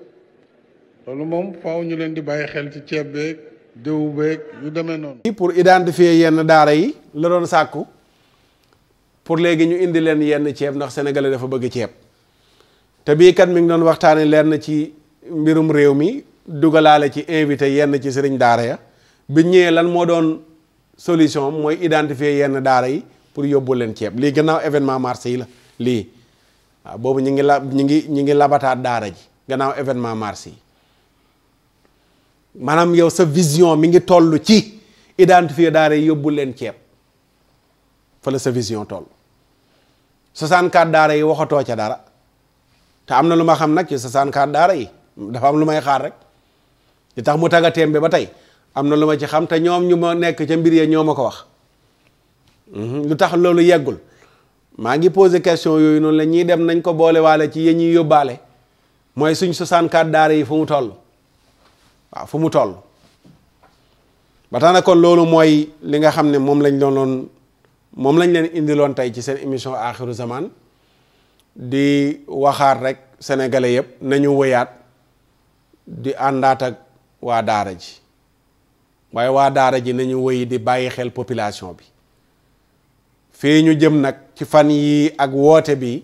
loolu moom faaw ñu leen di bàyyi xel ci ceeb beeg déw beeg yu demee noonu. pour identifier yenn daara yi la doon sàkku pour léegi ñu indi leen yenn ceeb ndax sénégalais dafa bëgg ceeb te bii kat mi ngi doon waxtaanee lenn ci mbirum réew mi dugalaale ci invité yenn ci sëriñ daara ya bi ñëwee lan moo doon. solution mooy identifier yenn daara yi pour yóbbu leen ceeb lii gannaaw événement marché yi la lii waaw boobu ñu ngi la ñu ngi ñu ngi labataat daara ji gannaaw événement marché yi maanaam yow sa vision mi ngi tollu ci identifier daara yi yóbbul leen ceeb fa la sa vision toll 64 daara yi waxatoo ca dara te am na lu ma xam nag ci 64 daara yi dafa am lu may xaar rek li tax mu tagga bi ba tey am na lu ma ci xam te ñoom ñu ma nekk ca mbir ya ñoo ma ko wax mhm, lu tax loolu yeggul maa ngi posé question yooyu noonu la ñuy dem nañ ko boole waale ci yéen ñuy yóbbaale mooy suñ 64 daara yi fu mu toll waaw fu mu toll ba tax na kon loolu mooy li nga xam ne moom lañ doon moom lañ leen indiloon tey ci seen émission axiru zaman di waxaat rek sénégalais yëpp nañu woyaat di àndaat ak waa daara ji waaye waa daara ji nañu woy di bàyyi xel population bi fii ñu jëm nag ci fan yi ak woote bi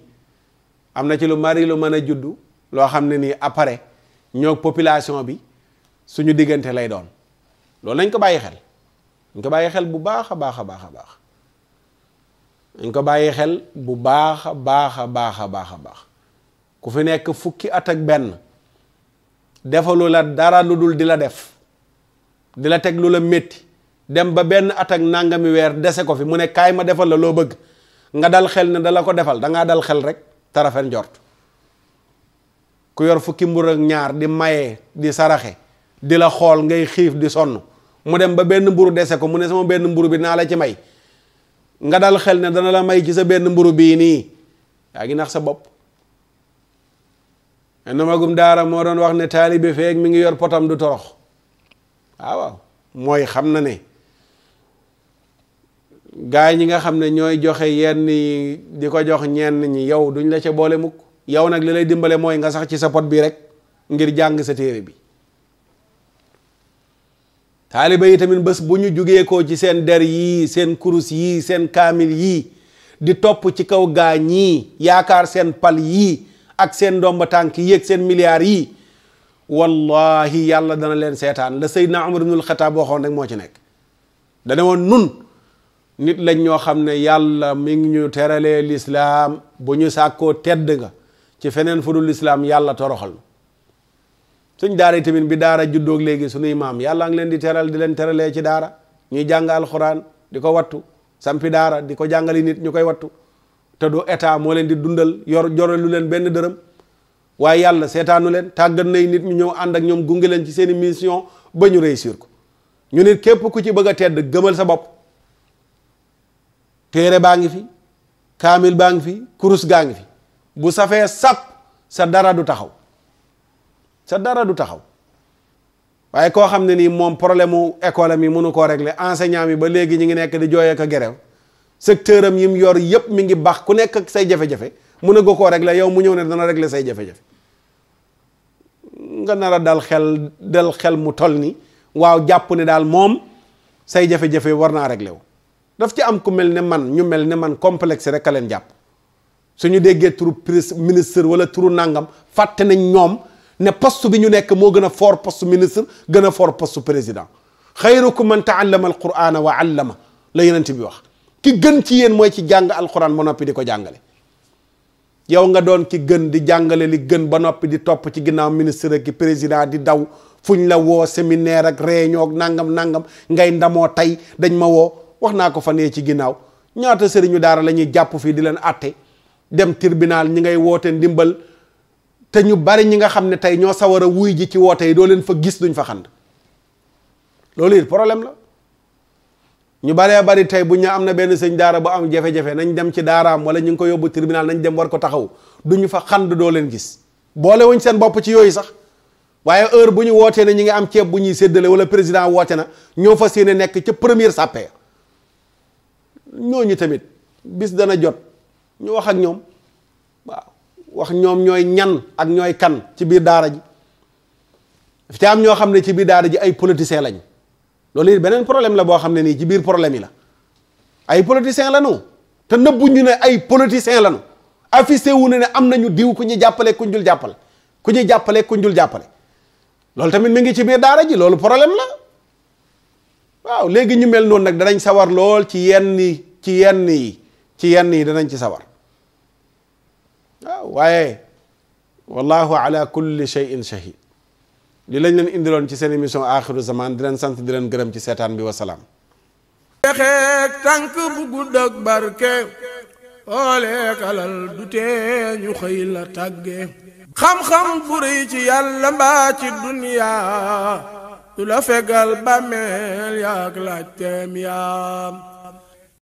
am na ci lu mari lu mën a juddu loo xam ne nii après ñoo population bi suñu diggante lay doon loolu nañ ko bàyyi xel nañ ko bàyyi xel bu baax a baax a baax a baax nañ ko bàyyi xel bu baax a baax a baax a baax a baax ku fi nekk fukki at ak benn defalu la dara lu dul di la def di la teg lu la metti dem ba benn at ak nangami weer dese ko fi mu ne kaay ma defal la loo bëgg nga dal xel ne dala ko defal dangaa dal xel rek te rafet ku yor fukki mbur ñaar di maye di saraxe di la xool ngay xiif di sonn mu dem ba benn mburu dese ko mu ne sama benn mburu bi naa la ci may nga dal xel ne dana la may ci sa benn mburu bii nii yaa ngi nax sa bopp na magum daara moo doon wax ne taalibe feek mi ngi yor potam du torox Ah, waaw mooy xam na ne gaa ñi nga xam ne ñooy joxe yenn di ko jox ñenn ñi yow duñ la ca boole mukk yow nag li lay dimbale mooy nga sax ci sa pot bi rek ngir jàng sa téere bi taaliba yi tamit bés bu ñu jógee ko ci seen der yii seen kurus yii seen kaamil yii di topp ci kaw gaa ñii yaakaar seen pal yii ak seen ndomba tànk yi ak seen milliards yii wallahi yàlla dana leen seetaan la Seydina Umar ibnul Xataab waxoon rek moo ci nekk dana woon nun nit lañ ñoo xam ne yàlla mi ngi ñu teralee lislaam bu ñu sàkkoo tedd nga ci feneen fu dul lislaam yàlla toroxal suñ daara yi tamit bi daara juddoog léegi suñuy maam yàlla ngi leen di teral di leen teralee ci daara ñuy jàng alxuraan di ko wattu sampi daara di ko jàngali nit ñu koy wattu te du état moo leen di dundal yor jore lu leen benn dërëm waaye yàlla seetaanu leen tàggat nay nit ñu ñëw ànd ak ñoom gunge leen ci seeni mission ba ñu réussir ko ñu nit képp ku ci bëgg a tedd gëmal sa bopp téere baa ngi fi kaamil baa ngi fi kurus gaa ngi fi bu safee sàpp sa dara du taxaw sa dara du taxaw waaye koo xam ne nii moom problème mu école munu yi mënu koo régler enseignant mi ba léegi ñu ngi nekk di jooyee ko gerew secteur am yim yor yépp mu ngi baax ku nekk ak say jafe-jafe mu mun a koo régler yow mu ñëw ne dana régler say jafe-jafe nga nar a dal xel dal xel mu toll nii waaw jàpp ne daal moom say jafe-jafe war naa régler wu daf ci am ku mel ne man ñu mel ne man complexe rek a leen jàpp suñu déggee turu ministre wala turu nangam fàtte nañ ñoom ne poste bi ñu nekk moo gën a fort post ministre gën a fort poste président xayrukum man taallama alqurana wa allama la yonent bi wax ki gën ci yéen mooy ci jàng alquran ba noppi di ko jàngale yow nga doon ki gën di jàngale li gën ba noppi di topp ci ginnaaw ministre ki président di daw fuñ la woo séminaire ak réunion ak nangam nangam ngay ndamoo tey dañ ma woo wax naa ko fa nee ci ginnaaw ñaata sëriñu daara la ñuy jàpp fii di leen àtte dem tribunal ñi ngay woote ndimbal te ñu bari ñi nga xam ne tey ñoo sawar a wuy ji ci woote yi doo leen fa gis duñ fa xand loolu it problème la ñu baree bari tey bu ñu am na benn sëñ daara bu am jafe-jafe nañ dem ci daaraam wala ñu ngi ko yóbbu tribunal nañ dem war ko taxaw ñu fa xand doo leen gis boole wuñ seen bopp ci yooyu sax waaye heure bu ñu wootee ne ñu ngi am ceeb bu ñuy séddale wala président woote na ñoo fa yéene nekk ca première sàppe ñooñu tamit bis dana jot ñu wax ak ñoom waaw wax ñoom ñooy ñan ak ñooy kan ci biir daara ji fi am ñoo xam ne ci biir daara ji ay politiciens lañ loolu it beneen problème la boo xam ne nii ci biir problème yi la ay politiciens la ñu te nëbbu ñu ne ay politiciens la ñu affiché wu ne ne am nañu diw ku ñu jàppale ku ñu jàppale ku ñu jàppale ku jàppale loolu tamit mu ngi ci biir daara ji loolu problème la waaw léegi ñu mel noonu nag danañ sawar lool ci yenn ci yenn yi ci yenn yi danañ ci sawar waaw waaye wallahu ala kulli shay'in shahid li lañ leen indiloon ci seen émission aaxiru zaman di leen sant di leen gërëm ci seetaan bi wasalaam texeeg tànk bu gudd ak barke xoolee kalal du tee ñu xëy la tàgge xam-xam bu rëy ci yàlla mbaa ci duniyaa du la fegal bàmmeel yaag laaj yaam